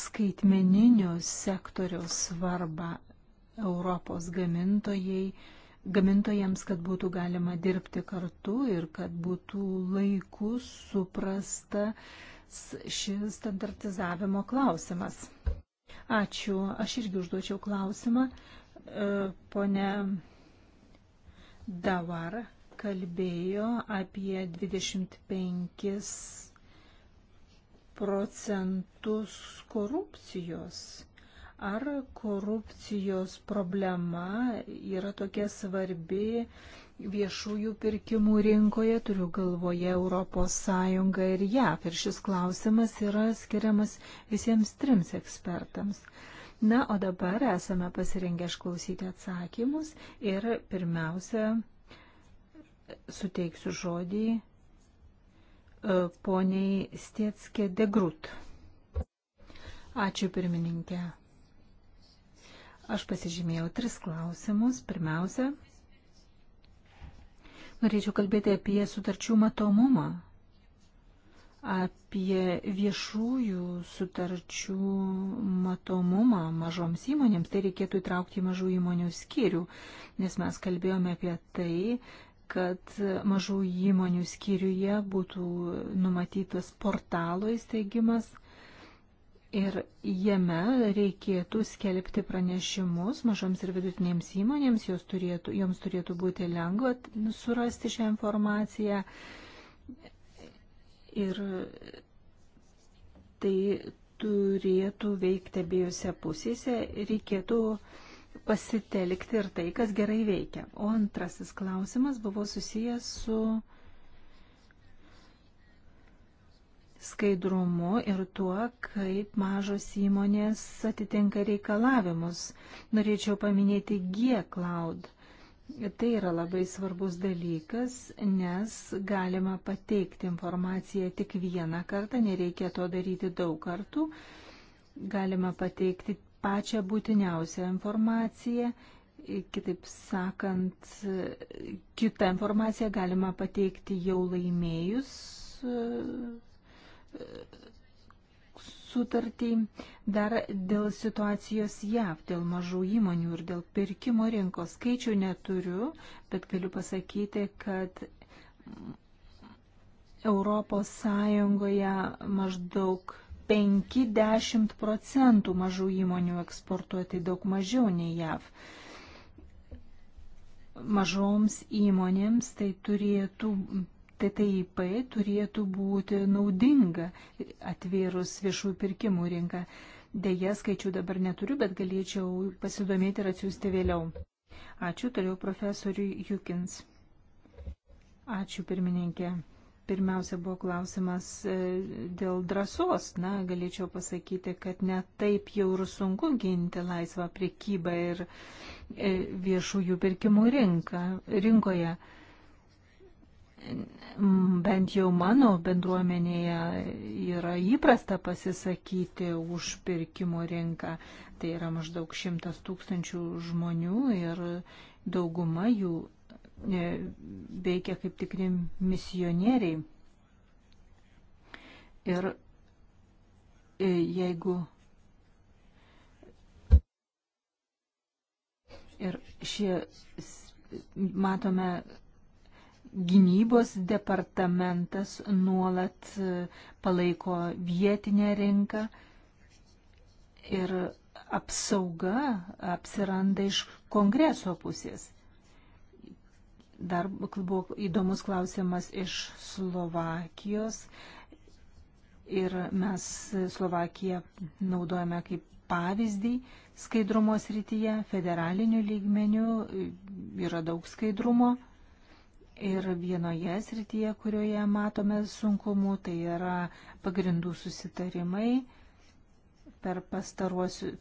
Speaker 1: skaitmeninio sektoriaus svarbą Europos gamintojai, gamintojams, kad būtų galima dirbti kartu ir kad būtų laiku suprasta šis standartizavimo klausimas. Ačiū. Aš irgi užduočiau klausimą. E, pone Davar kalbėjo apie 25 procentus korupcijos Ar korupcijos problema yra tokia svarbi viešųjų pirkimų rinkoje, turiu galvoje Europos Sąjungą ir JAF. Ir šis klausimas yra skiriamas visiems trims ekspertams. Na, o dabar esame pasirengę išklausyti atsakymus ir pirmiausia suteiksiu žodį e, poniai Stietskė Degrut. Ačiū pirmininkė. Aš pasižymėjau tris klausimus. Pirmiausia, norėčiau kalbėti apie sutarčių matomumą, apie viešųjų sutarčių matomumą mažoms įmonėms. Tai reikėtų įtraukti į mažų įmonių skyrių, nes mes kalbėjome apie tai, kad mažų įmonių skyriuje būtų numatytas portalo įsteigimas – Ir jame reikėtų skelbti pranešimus mažoms ir vidutinėms įmonėms, jos turėtų, joms turėtų būti lengva surasti šią informaciją. Ir tai turėtų veikti abiejose pusėse, reikėtų pasitelkti ir tai, kas gerai veikia. O antrasis klausimas buvo susijęs su skaidrumu ir tuo, kaip mažos įmonės atitinka reikalavimus. Norėčiau paminėti G-Cloud. Tai yra labai svarbus dalykas, nes galima pateikti informaciją tik vieną kartą, nereikia to daryti daug kartų. Galima pateikti pačią būtiniausią informaciją kitaip sakant, kitą informaciją galima pateikti jau laimėjus sutartį dar dėl situacijos JAV, dėl mažų įmonių ir dėl pirkimo rinkos skaičių neturiu, bet galiu pasakyti, kad Europos Sąjungoje maždaug 50 procentų mažų įmonių eksportuoti daug mažiau nei JAV. Mažoms įmonėms tai turėtų TTIP turėtų būti naudinga atvėrus viešųjų pirkimų rinką. Deja, skaičių dabar neturiu, bet galėčiau pasidomėti ir atsiųsti vėliau. Ačiū toliau profesoriui Jukins. Ačiū pirmininkė. Pirmiausia buvo klausimas e, dėl drąsos. Na, galėčiau pasakyti, kad netaip jau ir sunku ginti laisvą priekybą ir e, viešųjų pirkimų rinką, rinkoje bent jau mano bendruomenėje yra įprasta pasisakyti už pirkimo rinką. Tai yra maždaug šimtas tūkstančių žmonių ir dauguma jų e, veikia kaip tikri misionieriai. Ir e, jeigu ir šie matome Gynybos departamentas nuolat e, palaiko vietinę rinką ir apsauga apsiranda iš kongreso pusės. Dar buvo įdomus klausimas iš Slovakijos ir mes Slovakiją naudojame kaip pavyzdį skaidrumo srityje, federaliniu lygmeniu e, yra daug skaidrumo Ir vienoje srityje, kurioje matome sunkumų, tai yra pagrindų susitarimai. Per,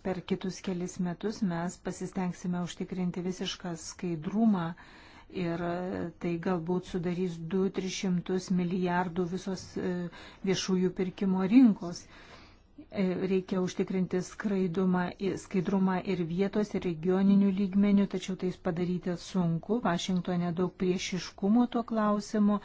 Speaker 1: per kitus kelis metus mes pasistengsime užtikrinti visišką skaidrumą ir tai galbūt sudarys 2-300 milijardų visos e, viešųjų pirkimo rinkos. E, reikia užtikrinti skraidumą, skaidrumą ir vietos, ir regioninių lygmenių, tačiau tais padaryti sunku. Vašingtonė daug priešiškumo tuo klausimu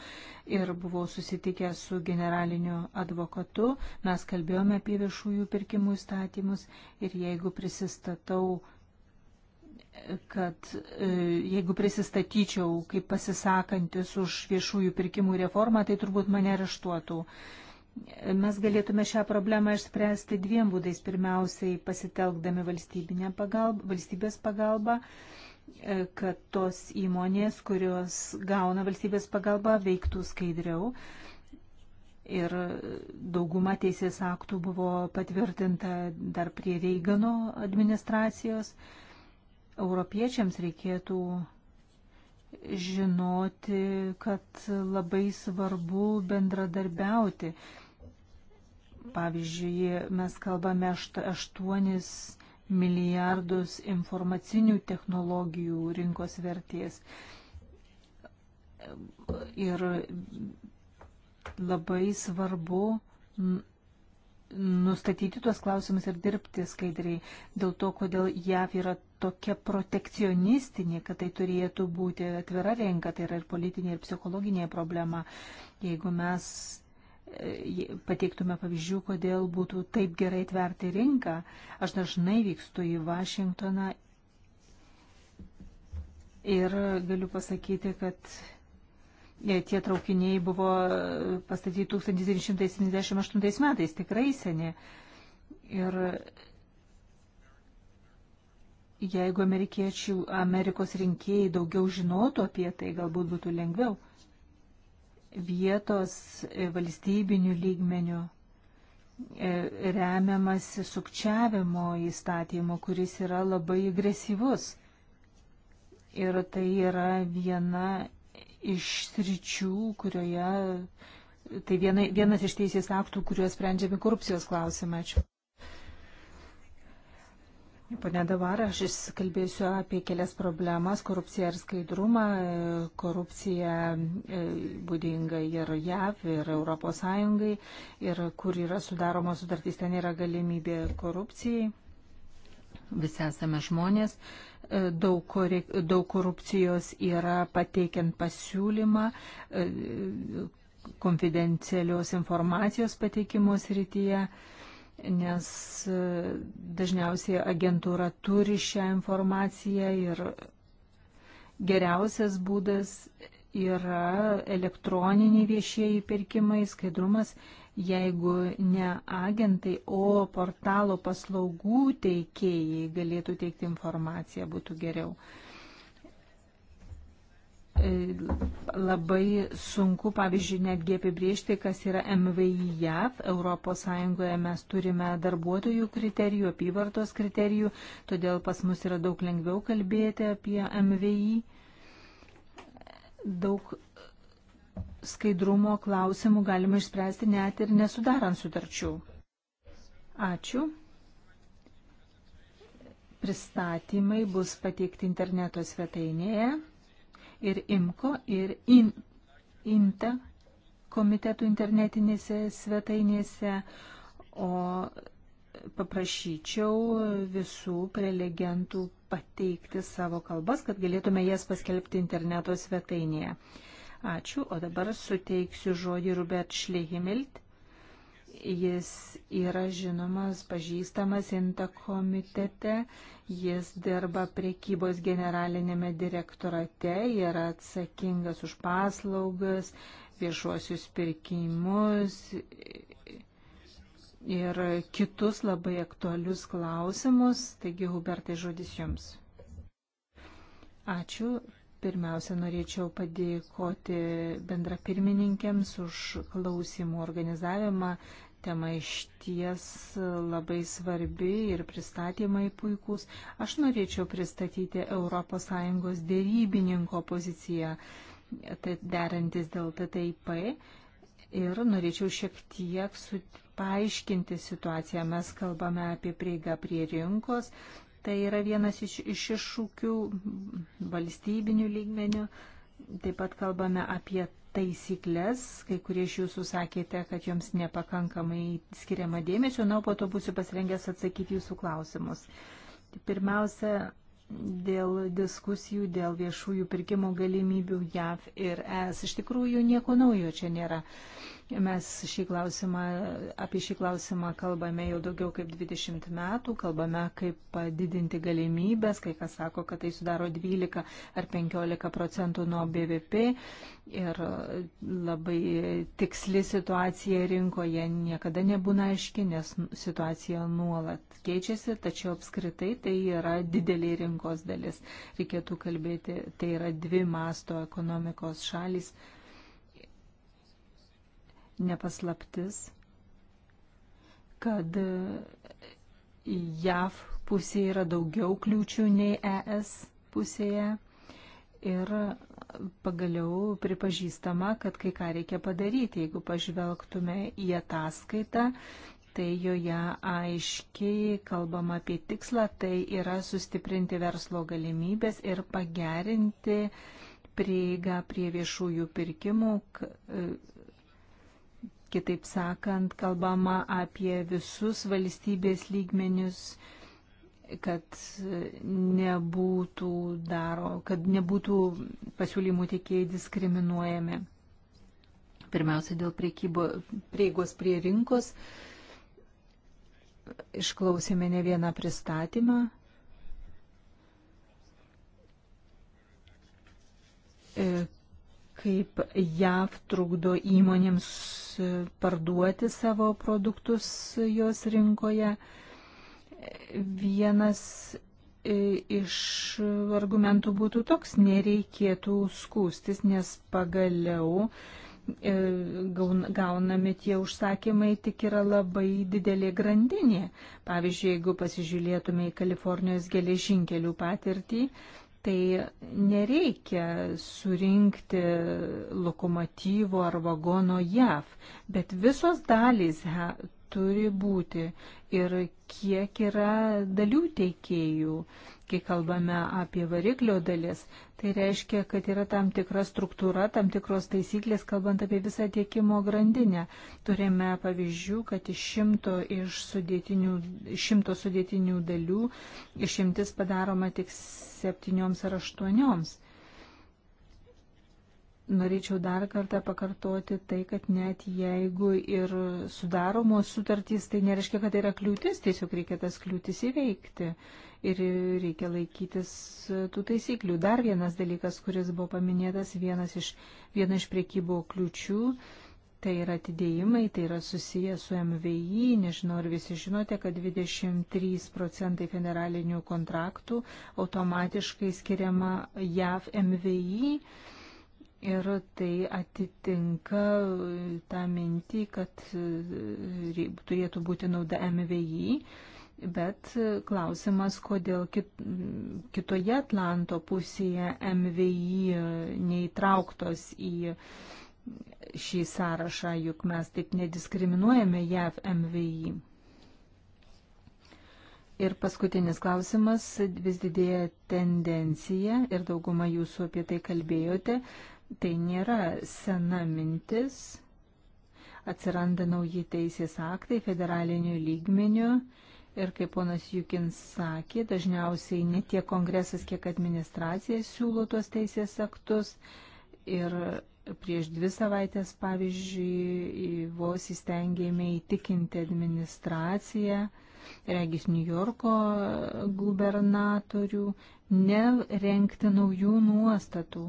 Speaker 1: ir buvau susitikę su generaliniu advokatu. Mes kalbėjome apie viešųjų pirkimų įstatymus ir jeigu prisistatau e, kad e, jeigu prisistatyčiau kaip pasisakantis už viešųjų pirkimų reformą, tai turbūt mane areštuotų. Mes galėtume šią problemą išspręsti dviem būdais. Pirmiausiai pasitelkdami pagalbą, valstybės pagalbą, e, kad tos įmonės, kurios gauna valstybės pagalbą, veiktų skaidriau. Ir dauguma teisės aktų buvo patvirtinta dar prie Reigano administracijos. Europiečiams reikėtų žinoti, kad labai svarbu bendradarbiauti, Pavyzdžiui, mes kalbame 8 milijardus informacinių technologijų rinkos vertės. Ir labai svarbu nustatyti tuos klausimus ir dirbti skaidriai. Dėl to, kodėl JAV yra tokia protekcionistinė, kad tai turėtų būti atvira rinka, tai yra ir politinė, ir psichologinė problema. Jeigu mes pateiktume pavyzdžių, kodėl būtų taip gerai tverti rinką. Aš dažnai vykstu į Vašingtoną ir galiu pasakyti, kad e, tie traukiniai buvo pastatyti 1978 metais, tikrai seni. Ir jeigu amerikiečių, Amerikos rinkėjai daugiau žinotų apie tai, galbūt būtų lengviau vietos e, valstybinių lygmenių e, remiamasi sukčiavimo įstatymu, kuris yra labai agresyvus. Ir tai yra viena iš sričių, kurioje, tai viena, vienas iš teisės aktų, kuriuo sprendžiami korupcijos klausimai. Ačiū. Pane Davara, aš iškalbėsiu apie kelias problemas - korupciją ir skaidrumą. Korupcija e, būdinga ir JAV, ir ES, ir kur yra sudaroma sudartys, ten yra galimybė korupcijai. Visi esame žmonės. E, daug, daug korupcijos yra pateikiant pasiūlymą e, konfidencialios informacijos pateikimo srityje nes e, dažniausiai agentūra turi šią informaciją ir geriausias būdas yra elektroniniai viešieji pirkimai, skaidrumas, jeigu ne agentai, o portalo paslaugų teikėjai galėtų teikti informaciją, būtų geriau. E, labai sunku, pavyzdžiui, netgi apibriežti, kas yra MVI JAV. ES mes turime darbuotojų kriterijų, apyvartos kriterijų, todėl pas mus yra daug lengviau kalbėti apie MVI. Daug skaidrumo klausimų galima išspręsti net ir nesudarant sutarčių. Ačiū. Pristatymai bus pateikti interneto svetainėje ir IMKO ir IN, INTA komitetų internetinėse svetainėse, o paprašyčiau visų prelegentų pateikti savo kalbas, kad galėtume jas paskelbti interneto svetainėje. Ačiū, o dabar suteiksiu žodį Rubert Šlehimilt Jis yra žinomas, pažįstamas INTA komitete, jis dirba priekybos generalinėme direktorate, yra atsakingas už paslaugas, viešuosius pirkimus ir kitus labai aktualius klausimus. Taigi, Hubertai, žodis jums. Ačiū. Pirmiausia, norėčiau padėkoti bendrapirmininkėms už klausimų organizavimą tema išties labai svarbi ir pristatymai puikūs. Aš norėčiau pristatyti ES dėrybininko poziciją tai derantis dėl TTIP ir norėčiau šiek tiek su, paaiškinti situaciją. Mes kalbame apie prieigą prie rinkos. Tai yra vienas iš, iš iššūkių valstybinių lygmenių. Taip pat kalbame apie taisyklės, kai kurie iš jūsų sakėte, kad joms nepakankamai skiriama dėmesio, na, po to būsiu pasirengęs atsakyti jūsų klausimus. Pirmiausia, dėl diskusijų, dėl viešųjų pirkimo galimybių JAV ir ES. Iš tikrųjų, nieko naujo čia nėra. Mes šį klausimą, apie šį klausimą kalbame jau daugiau kaip 20 metų, kalbame kaip padidinti galimybės, kai kas sako, kad tai sudaro 12 ar 15 procentų nuo BVP ir labai tiksli situacija rinkoje niekada nebūna aiški, nes situacija nuolat keičiasi, tačiau apskritai tai yra didelė rinkos dalis. Reikėtų kalbėti, tai yra dvi masto ekonomikos šalis nepaslaptis, kad JAV pusėje yra daugiau kliūčių nei ES pusėje. Ir pagaliau pripažįstama, kad kai ką reikia padaryti. Jeigu pažvelgtume į ataskaitą, tai joje aiškiai kalbama apie tikslą, tai yra sustiprinti verslo galimybės ir pagerinti prieigą prie viešųjų pirkimų, Kitaip sakant, kalbama apie visus valstybės lygmenius, kad nebūtų, daro, kad nebūtų pasiūlymų tiekėjai diskriminuojami. Pirmiausia, dėl priekybo, prieigos prie rinkos. Išklausėme ne vieną pristatymą kaip JAV trukdo įmonėms parduoti savo produktus jos rinkoje. Vienas e, iš argumentų būtų toks, nereikėtų skūstis, nes pagaliau e, gaunami tie užsakymai tik yra labai didelė grandinė. Pavyzdžiui, jeigu pasižiūrėtume į Kalifornijos geležinkelių patirtį, tai nereikia surinkti lokomotyvo ar vagono JAV, bet visos dalys turi būti ir kiek yra dalių teikėjų. Kai kalbame apie variklio dalis, tai reiškia, kad yra tam tikra struktūra, tam tikros taisyklės, kalbant apie visą tiekimo grandinę. Turime pavyzdžių, kad iš šimto, iš sudėtinių, šimto sudėtinių dalių išimtis padaroma tik septynioms ar aštuonioms. Norėčiau dar kartą pakartoti tai, kad net jeigu ir sudaromos sutartys, tai nereiškia, kad tai yra kliūtis, tiesiog reikia tas kliūtis įveikti ir reikia laikytis tų taisyklių. Dar vienas dalykas, kuris buvo paminėtas, vienas iš, viena iš priekybo kliučių, tai yra atidėjimai, tai yra susiję su MVI, nežinau, ar visi žinote, kad 23 procentai federalinių kontraktų automatiškai skiriama JAV MVI Ir tai atitinka tą mintį, kad e, turėtų būti nauda MVI, bet klausimas, kodėl kit, kitoje Atlanto pusėje MVI neįtrauktos į šį sąrašą, juk mes taip nediskriminuojame JAV MVI. Ir paskutinis klausimas, vis didėja tendencija ir dauguma jūsų apie tai kalbėjote, Tai nėra sena mintis, atsiranda nauji teisės aktai federaliniu lygmeniu ir kaip ponas Jukins sakė, dažniausiai ne tiek kongresas, kiek administracija siūlo tuos teisės aktus ir prieš dvi savaitės, pavyzdžiui, vos įstengėme įtikinti administraciją, regis New Yorko gubernatorių, nerenkti naujų nuostatų.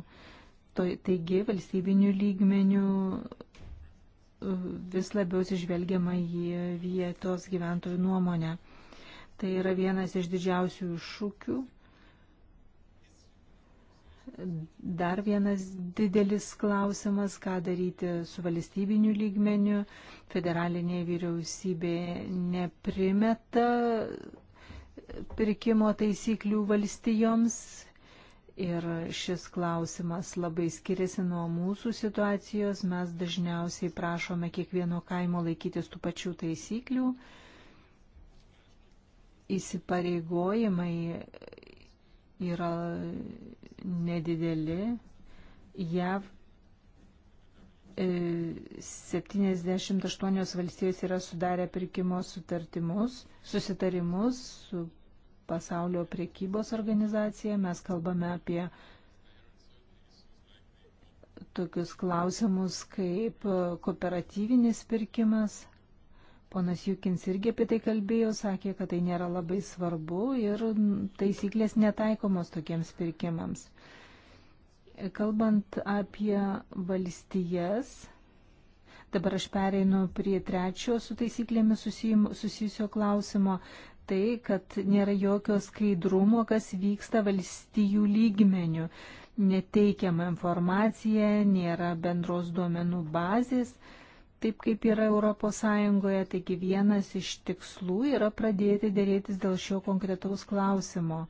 Speaker 1: Tai, taigi valstybinių lygmenių e, vis labiau atsižvelgiama į vietos gyventojų nuomonę. Tai yra vienas iš didžiausių iššūkių. Dar vienas didelis klausimas, ką daryti su valstybiniu lygmeniu. Federalinė vyriausybė neprimeta pirkimo taisyklių valstijoms Ir šis klausimas labai skiriasi nuo mūsų situacijos. Mes dažniausiai prašome kiekvieno kaimo laikytis tų pačių taisyklių. Įsipareigojimai yra nedideli. JAV 78 e, valstijos yra sudarę pirkimo susitarimus su pasaulio priekybos organizacija. Mes kalbame apie tokius klausimus kaip kooperatyvinis pirkimas. Ponas Jukins irgi apie tai kalbėjo, sakė, kad tai nėra labai svarbu ir taisyklės netaikomos tokiems pirkimams. Kalbant apie valstijas, dabar aš pereinu prie trečio su taisyklėmis susijusio klausimo, tai, kad nėra jokio skaidrumo, kas vyksta valstijų lygmenių. Neteikiama informacija, nėra bendros duomenų bazės, taip kaip yra ES. Taigi vienas iš tikslų yra pradėti dėrėtis dėl šio konkretaus klausimo.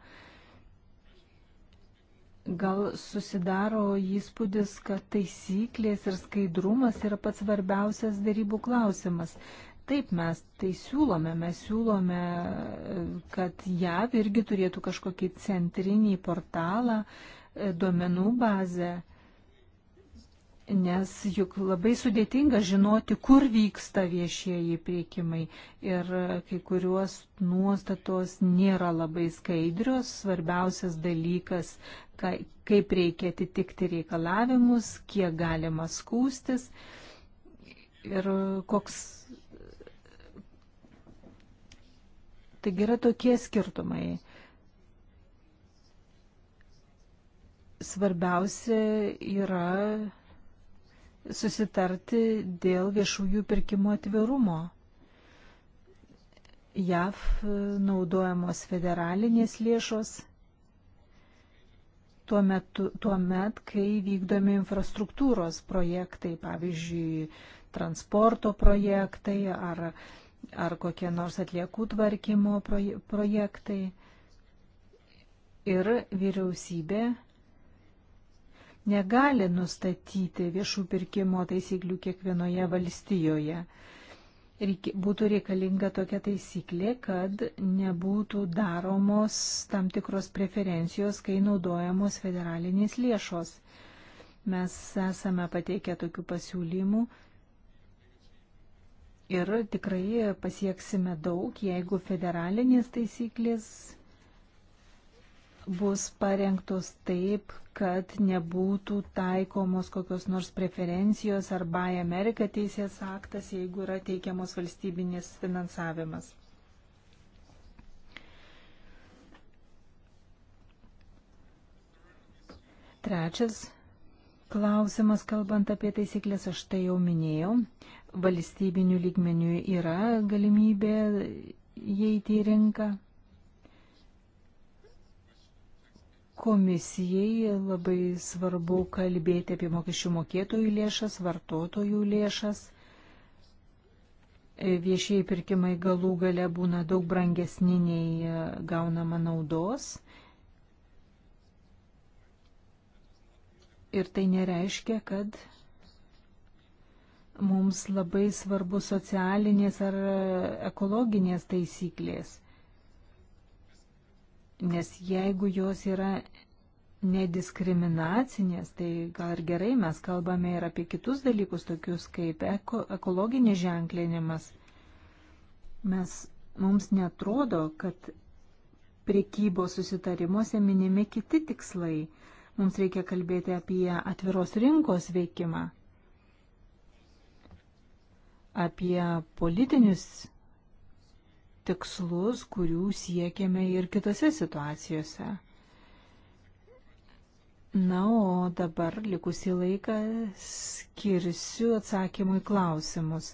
Speaker 1: Gal susidaro įspūdis, kad taisyklės ir skaidrumas yra pats svarbiausias darybų klausimas. Taip, mes tai siūlome, mes siūlome, kad JAV irgi turėtų kažkokį centrinį portalą, e, duomenų bazę, nes juk labai sudėtinga žinoti, kur vyksta viešieji priekimai ir e, kai kuriuos nuostatos nėra labai skaidrios, svarbiausias dalykas, kaip reikia atitikti reikalavimus, kiek galima skūstis ir koks Taigi yra tokie skirtumai. Svarbiausia yra susitarti dėl viešųjų pirkimų atvirumo. JAV naudojamos federalinės lėšos tuo metu, tuo met, kai vykdomi infrastruktūros projektai, pavyzdžiui, transporto projektai ar uh, ar kokie nors atliekų tvarkymo projektai. Ir vyriausybė negali nustatyti viešų pirkimo taisyklių kiekvienoje valstijoje. Reiki, būtų reikalinga tokia taisyklė, kad nebūtų daromos tam tikros preferencijos, kai naudojamos federalinės lėšos. Mes esame pateikę tokių pasiūlymų Ir tikrai pasieksime daug, jeigu federalinės taisyklės bus parengtos taip, kad nebūtų taikomos kokios nors preferencijos ar Buy America teisės aktas, jeigu yra teikiamos valstybinis finansavimas. Trečias klausimas, kalbant apie taisyklės, aš tai jau minėjau valstybinių lygmenių yra galimybė įeiti į rinką. Komisijai labai svarbu kalbėti apie mokesčių mokėtojų lėšas, vartotojų lėšas. Viešieji pirkimai galų gale būna daug brangesni nei e, gaunama naudos. Ir tai nereiškia, kad mums labai svarbu socialinės ar ekologinės taisyklės. Nes jeigu jos yra nediskriminacinės, tai gal ir gerai mes kalbame ir apie kitus dalykus, tokius kaip eko, ekologinis ženklinimas. Mes, mums netrodo, kad priekybos susitarimuose minimi kiti tikslai. Mums reikia kalbėti apie atviros rinkos veikimą apie politinius tikslus, kurių siekiame ir kitose situacijose. Na, o dabar likusi laiką skirsiu atsakymui klausimus.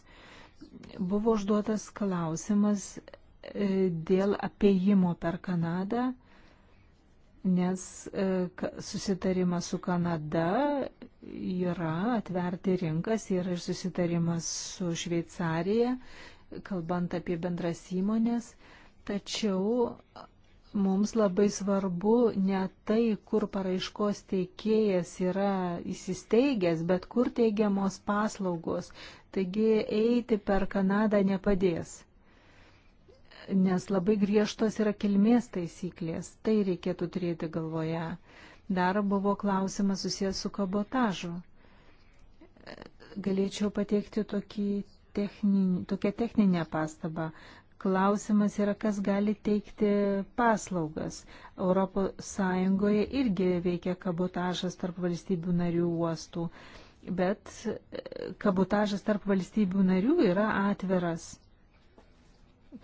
Speaker 1: Buvo užduotas klausimas e, dėl apiejimo per Kanadą, nes e, susitarimas su Kanada yra atverti rinkas, yra ir susitarimas su Šveicarija, kalbant apie bendras įmonės, tačiau mums labai svarbu ne tai, kur paraiškos teikėjas yra įsisteigęs, bet kur teigiamos paslaugos. Taigi eiti per Kanadą nepadės nes labai griežtos yra kilmės taisyklės, tai reikėtų turėti galvoje. Dar buvo klausimas susijęs su kabotažu. Galėčiau pateikti tokį techninį, tokią techninę pastabą. Klausimas yra, kas gali teikti paslaugas. ES irgi veikia kabotažas tarp valstybių narių uostų, bet e, kabotažas tarp valstybių narių yra atviras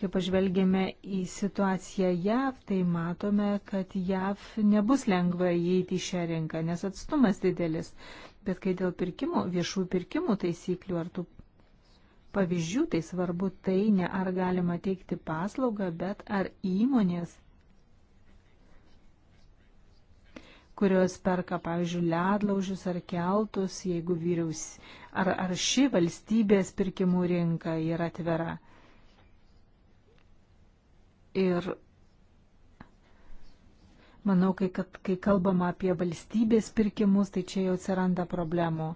Speaker 1: Kai pažvelgėme į situaciją JAV, tai matome, kad JAV nebus lengva įeiti į šią rinką, nes atstumas didelis. Bet kai dėl pirkimų, viešų pirkimų taisyklių ar tų pavyzdžių, tai svarbu tai ne ar galima teikti paslaugą, bet ar įmonės, kurios perka, pavyzdžiui, ledlaužius ar keltus, jeigu vyriaus, ar, ar ši valstybės pirkimų rinka yra atvira. Ir manau, kai, kad, kai kalbama apie valstybės pirkimus, tai čia jau atsiranda problemų.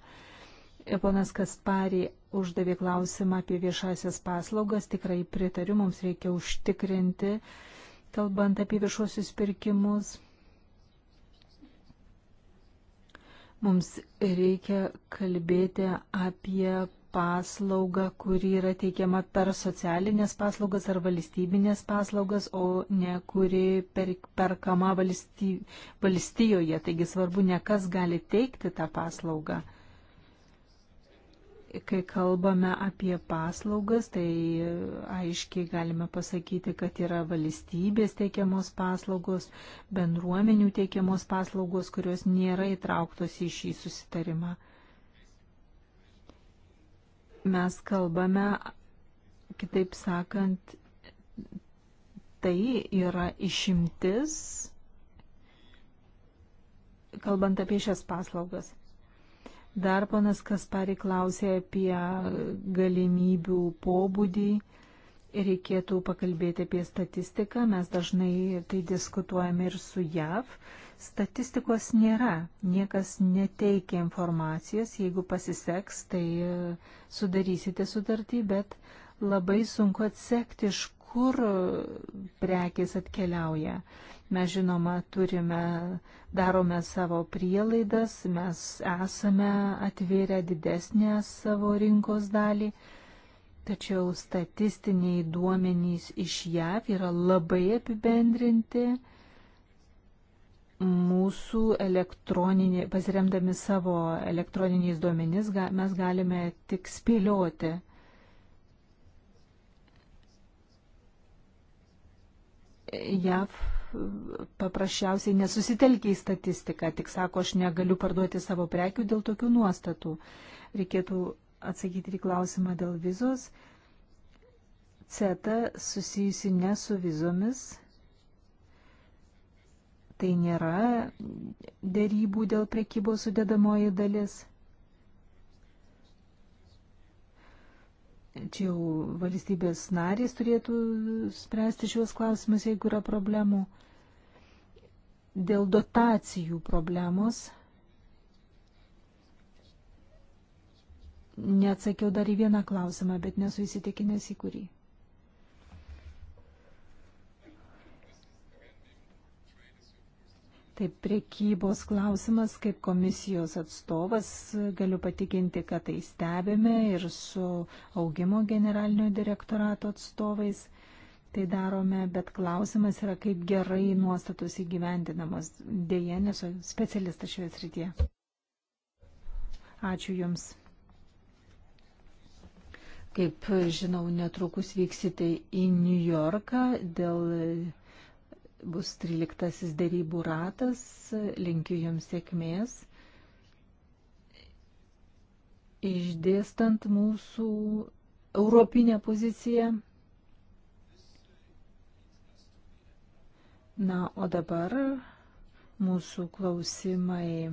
Speaker 1: Ir ponas Kaspari uždavė klausimą apie viešasias paslaugas. Tikrai pritariu, mums reikia užtikrinti, kalbant apie viešuosius pirkimus. Mums reikia kalbėti apie paslaugą, kuri yra teikiama per socialinės paslaugas ar valstybinės paslaugas, o ne kuri per, perkama valsty, valstijoje. Taigi svarbu ne kas gali teikti tą paslaugą. Kai kalbame apie paslaugas, tai aiškiai galime pasakyti, kad yra valstybės teikiamos paslaugos, bendruomenių teikiamos paslaugos, kurios nėra įtrauktos į šį susitarimą mes kalbame, kitaip sakant, tai yra išimtis, kalbant apie šias paslaugas. Dar panas Kaspari klausė apie galimybių pobūdį. Reikėtų pakalbėti apie statistiką. Mes dažnai tai diskutuojame ir su JAV. Statistikos nėra, niekas neteikia informacijos, jeigu pasiseks, tai e, sudarysite sutartį, bet labai sunku atsekti, iš kur e, prekės atkeliauja. Mes žinoma turime, darome savo prielaidas, mes esame atvėrę didesnę savo rinkos dalį, tačiau statistiniai duomenys iš JAV yra labai apibendrinti mūsų elektroninį, pasiremdami savo elektroniniais duomenys, mes galime tik spėlioti. JAV paprasčiausiai nesusitelkia į statistiką, tik sako, aš negaliu parduoti savo prekių dėl tokių nuostatų. Reikėtų atsakyti į klausimą dėl vizos. CETA susijusi ne su vizomis, tai nėra dėrybų dėl prekybos sudėdamoji dalis. Čia jau valstybės narys turėtų spręsti šiuos klausimus, jeigu yra problemų. Dėl dotacijų problemos. Neatsakiau dar į vieną klausimą, bet nesu įsitikinęs į kurį. Taip, priekybos klausimas, kaip komisijos atstovas, galiu patikinti, kad tai stebime ir su augimo generalinio direktorato atstovais tai darome, bet klausimas yra, kaip gerai nuostatos įgyvendinamos. Deja, nesu specialistas šioje srityje. Ačiū Jums. Kaip žinau, netrukus vyksite į New Yorką dėl bus 13 dėrybų ratas. Linkiu Jums sėkmės. Išdėstant mūsų europinę poziciją. Na, o dabar mūsų klausimai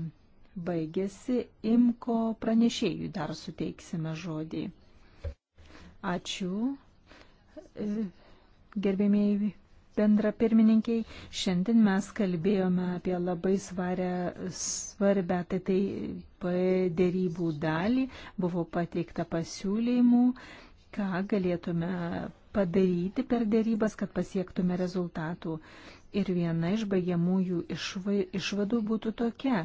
Speaker 1: baigėsi. Imko pranešėjui dar suteiksime žodį. Ačiū. Gerbėmėjai bendra pirmininkiai. Šiandien mes kalbėjome apie labai svarę, svarbę tai, tai dėrybų dalį. Buvo pateikta pasiūlymų, ką galėtume padaryti per dėrybas, kad pasiektume rezultatų. Ir viena iš baigiamųjų išvadų būtų tokia,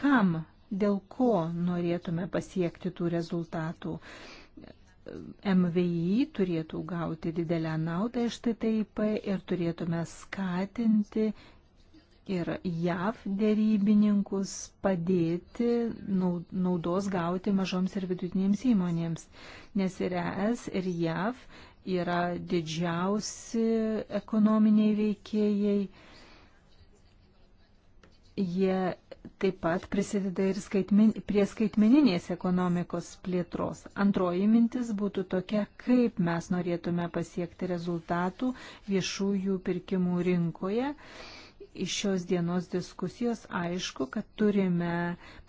Speaker 1: kam, dėl ko norėtume pasiekti tų rezultatų. MVI turėtų gauti didelę naudą iš TTIP ir turėtume skatinti ir JAV dėrybininkus padėti naudos gauti mažoms ir vidutinėms įmonėms, nes ir ES, ir JAV yra didžiausi ekonominiai veikėjai. Jie taip pat prisideda ir skaitmin, prie skaitmeninės ekonomikos plėtros. Antroji mintis būtų tokia, kaip mes norėtume pasiekti rezultatų viešųjų pirkimų rinkoje. Iš šios dienos diskusijos aišku, kad turime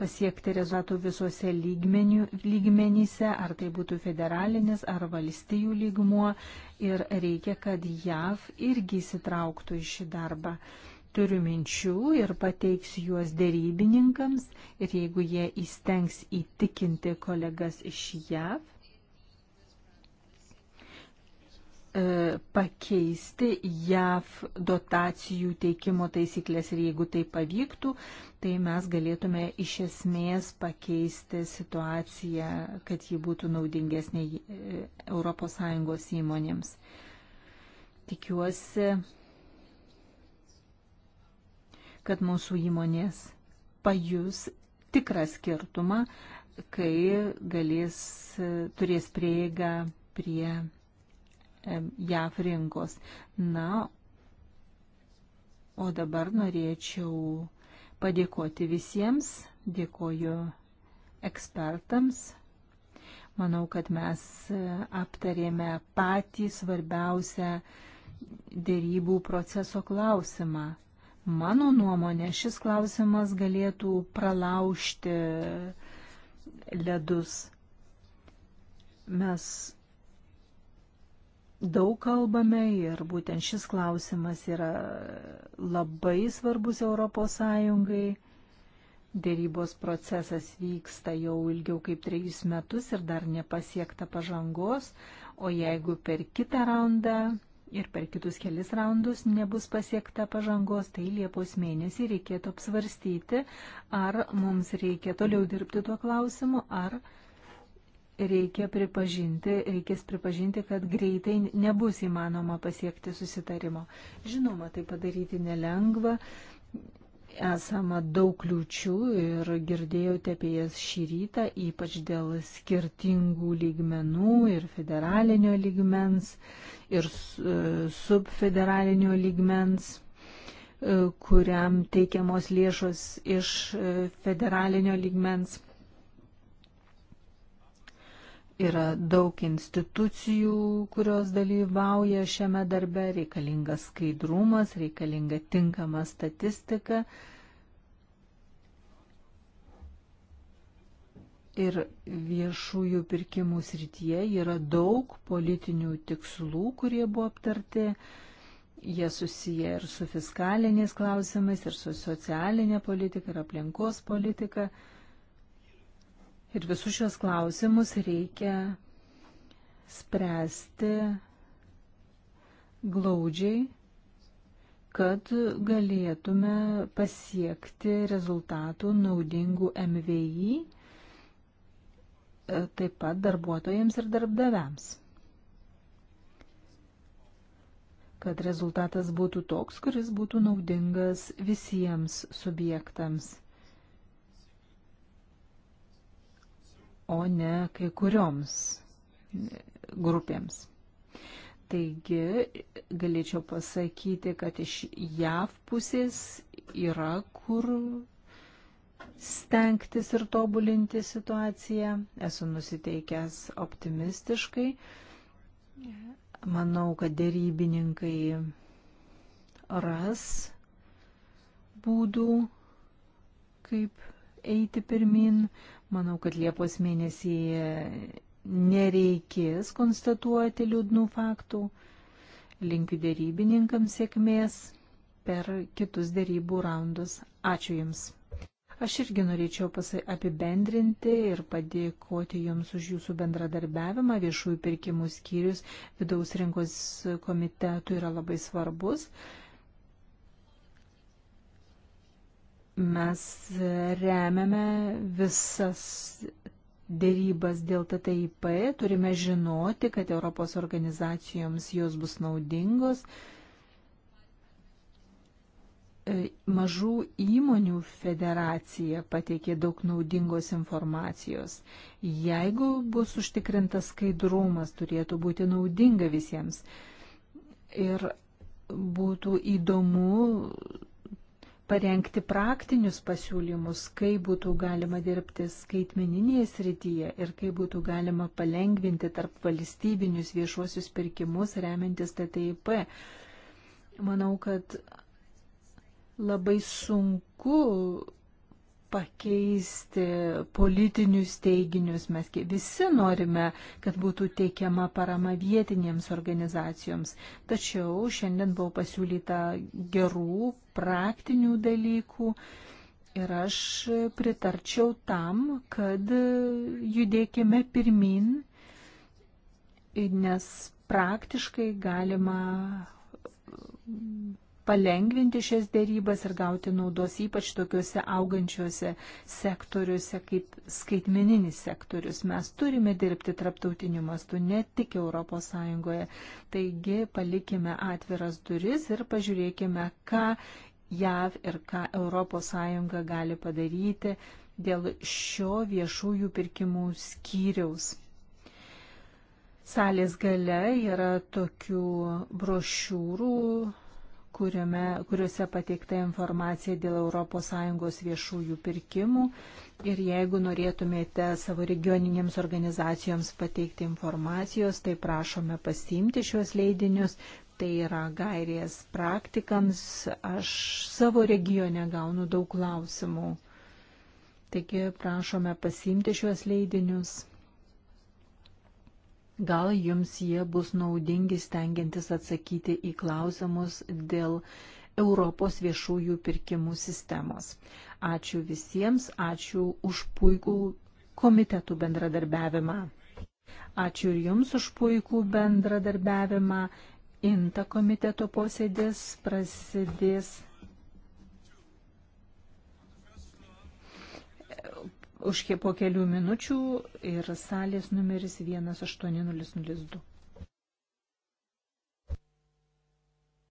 Speaker 1: pasiekti rezultatų visuose lygmenių, lygmenyse, ar tai būtų federalinis ar valstijų lygmuo, ir reikia, kad JAV irgi įsitrauktų į šį darbą turiu minčių ir pateiksiu juos dėrybininkams ir jeigu jie įstengs įtikinti kolegas iš JAV e, pakeisti JAV dotacijų teikimo taisyklės ir jeigu tai pavyktų, tai mes galėtume iš esmės pakeisti situaciją, kad ji būtų naudingesnė ES įmonėms. Tikiuosi, kad mūsų įmonės pajus tikrą skirtumą, kai galės, turės prieigą prie JAF rinkos. Na, o dabar norėčiau padėkoti visiems, dėkoju ekspertams. Manau, kad mes e, aptarėme patį svarbiausią dėrybų proceso klausimą Mano nuomonė, šis klausimas galėtų pralaužti ledus. Mes daug kalbame ir būtent šis klausimas yra labai svarbus ES. Dėrybos procesas vyksta jau ilgiau kaip trejus metus ir dar nepasiekta pažangos, o jeigu per kitą raundą ir per kitus kelis raundus nebus pasiekta pažangos, tai Liepos mėnesį reikėtų apsvarstyti, ar mums reikia toliau dirbti tuo klausimu, ar reikia pripažinti, reikės pripažinti, kad greitai nebus įmanoma pasiekti susitarimo. Žinoma, tai padaryti nelengva, esama daug kliučių ir girdėjote apie jas šį rytą, ypač dėl skirtingų lygmenų ir federalinio lygmens, ir e, subfederalinio lygmens, e, kuriam teikiamos lėšos iš e, federalinio lygmens. Yra daug institucijų, kurios dalyvauja šiame darbe, reikalingas skaidrumas, reikalinga tinkama statistika. ir viešųjų pirkimų srityje yra daug politinių tikslų, kurie buvo aptarti. Jie susiję ir su fiskaliniais klausimais, ir su socialinė politika, ir aplinkos politika. politika. Ir visus šios klausimus reikia spręsti glaudžiai, kad galėtume pasiekti rezultatų naudingų MVI, e, taip pat darbuotojams ir darbdaviams. Kad rezultatas būtų toks, kuris būtų naudingas visiems subjektams – o ne kai kurioms grupėms. Taigi galėčiau pasakyti, kad iš JAV pusės yra kur stengtis ir tobulinti situaciją. Esu nusiteikęs optimistiškai. Manau, kad dėrybininkai ras būdų, kaip eiti pirmin. Manau, kad Liepos mėnesį nereikės konstatuoti liūdnų faktų. Linkiu dėrybininkams sėkmės per kitus dėrybų raundus. Ačiū Jums. Aš irgi norėčiau apibendrinti ir padėkoti Jums už Jūsų bendradarbiavimą. Viešųjų pirkimų skyrius vidaus rinkos komitetui yra labai svarbus. Mes remiame visas dėrybas dėl TTIP, turime žinoti, kad Europos organizacijoms jos bus naudingos. E, mažų įmonių federacija pateikė daug naudingos informacijos. Jeigu bus užtikrintas skaidrumas, turėtų būti naudinga visiems. Ir būtų įdomu parengti praktinius pasiūlymus, kaip būtų galima dirbti skaitmeninėje srityje ir kaip būtų galima palengvinti tarp valstybinius viešuosius pirkimus remiantis TTIP. Manau, kad labai sunku pakeisti politinius teiginius. Mes visi norime, kad būtų teikiama parama vietinėms organizacijoms. Tačiau šiandien buvo pasiūlyta gerų praktinių dalykų. Ir aš pritarčiau tam, kad judėkime pirmin, nes praktiškai galima palengvinti šias dėrybas ir gauti naudos ypač tokiuose augančiuose sektoriuose kaip skaitmeninis sektorius. Mes turime dirbti traptautiniu mastu, ne tik ES. Taigi palikime atviras duris ir pažiūrėkime, ką JAV ir ką ES gali padaryti dėl šio viešųjų pirkimų skyriaus. Salės gale yra tokių brošiūrų kuriame, kuriuose pateikta informacija dėl ES viešųjų pirkimų. Ir jeigu norėtumėte savo regioninėms organizacijoms pateikti informacijos, tai prašome pasiimti šios leidinius. Tai yra gairės praktikams. Aš savo regione gaunu daug klausimų. Taigi prašome pasiimti šios leidinius. Gal jums jie bus naudingi stengiantis atsakyti į klausimus dėl Europos viešųjų pirkimų sistemos. Ačiū visiems, ačiū už puikų komitetų bendradarbiavimą. Ačiū ir jums už puikų bendradarbiavimą. Inta komiteto posėdis prasidės už po kelių minučių ir salės numeris 18002.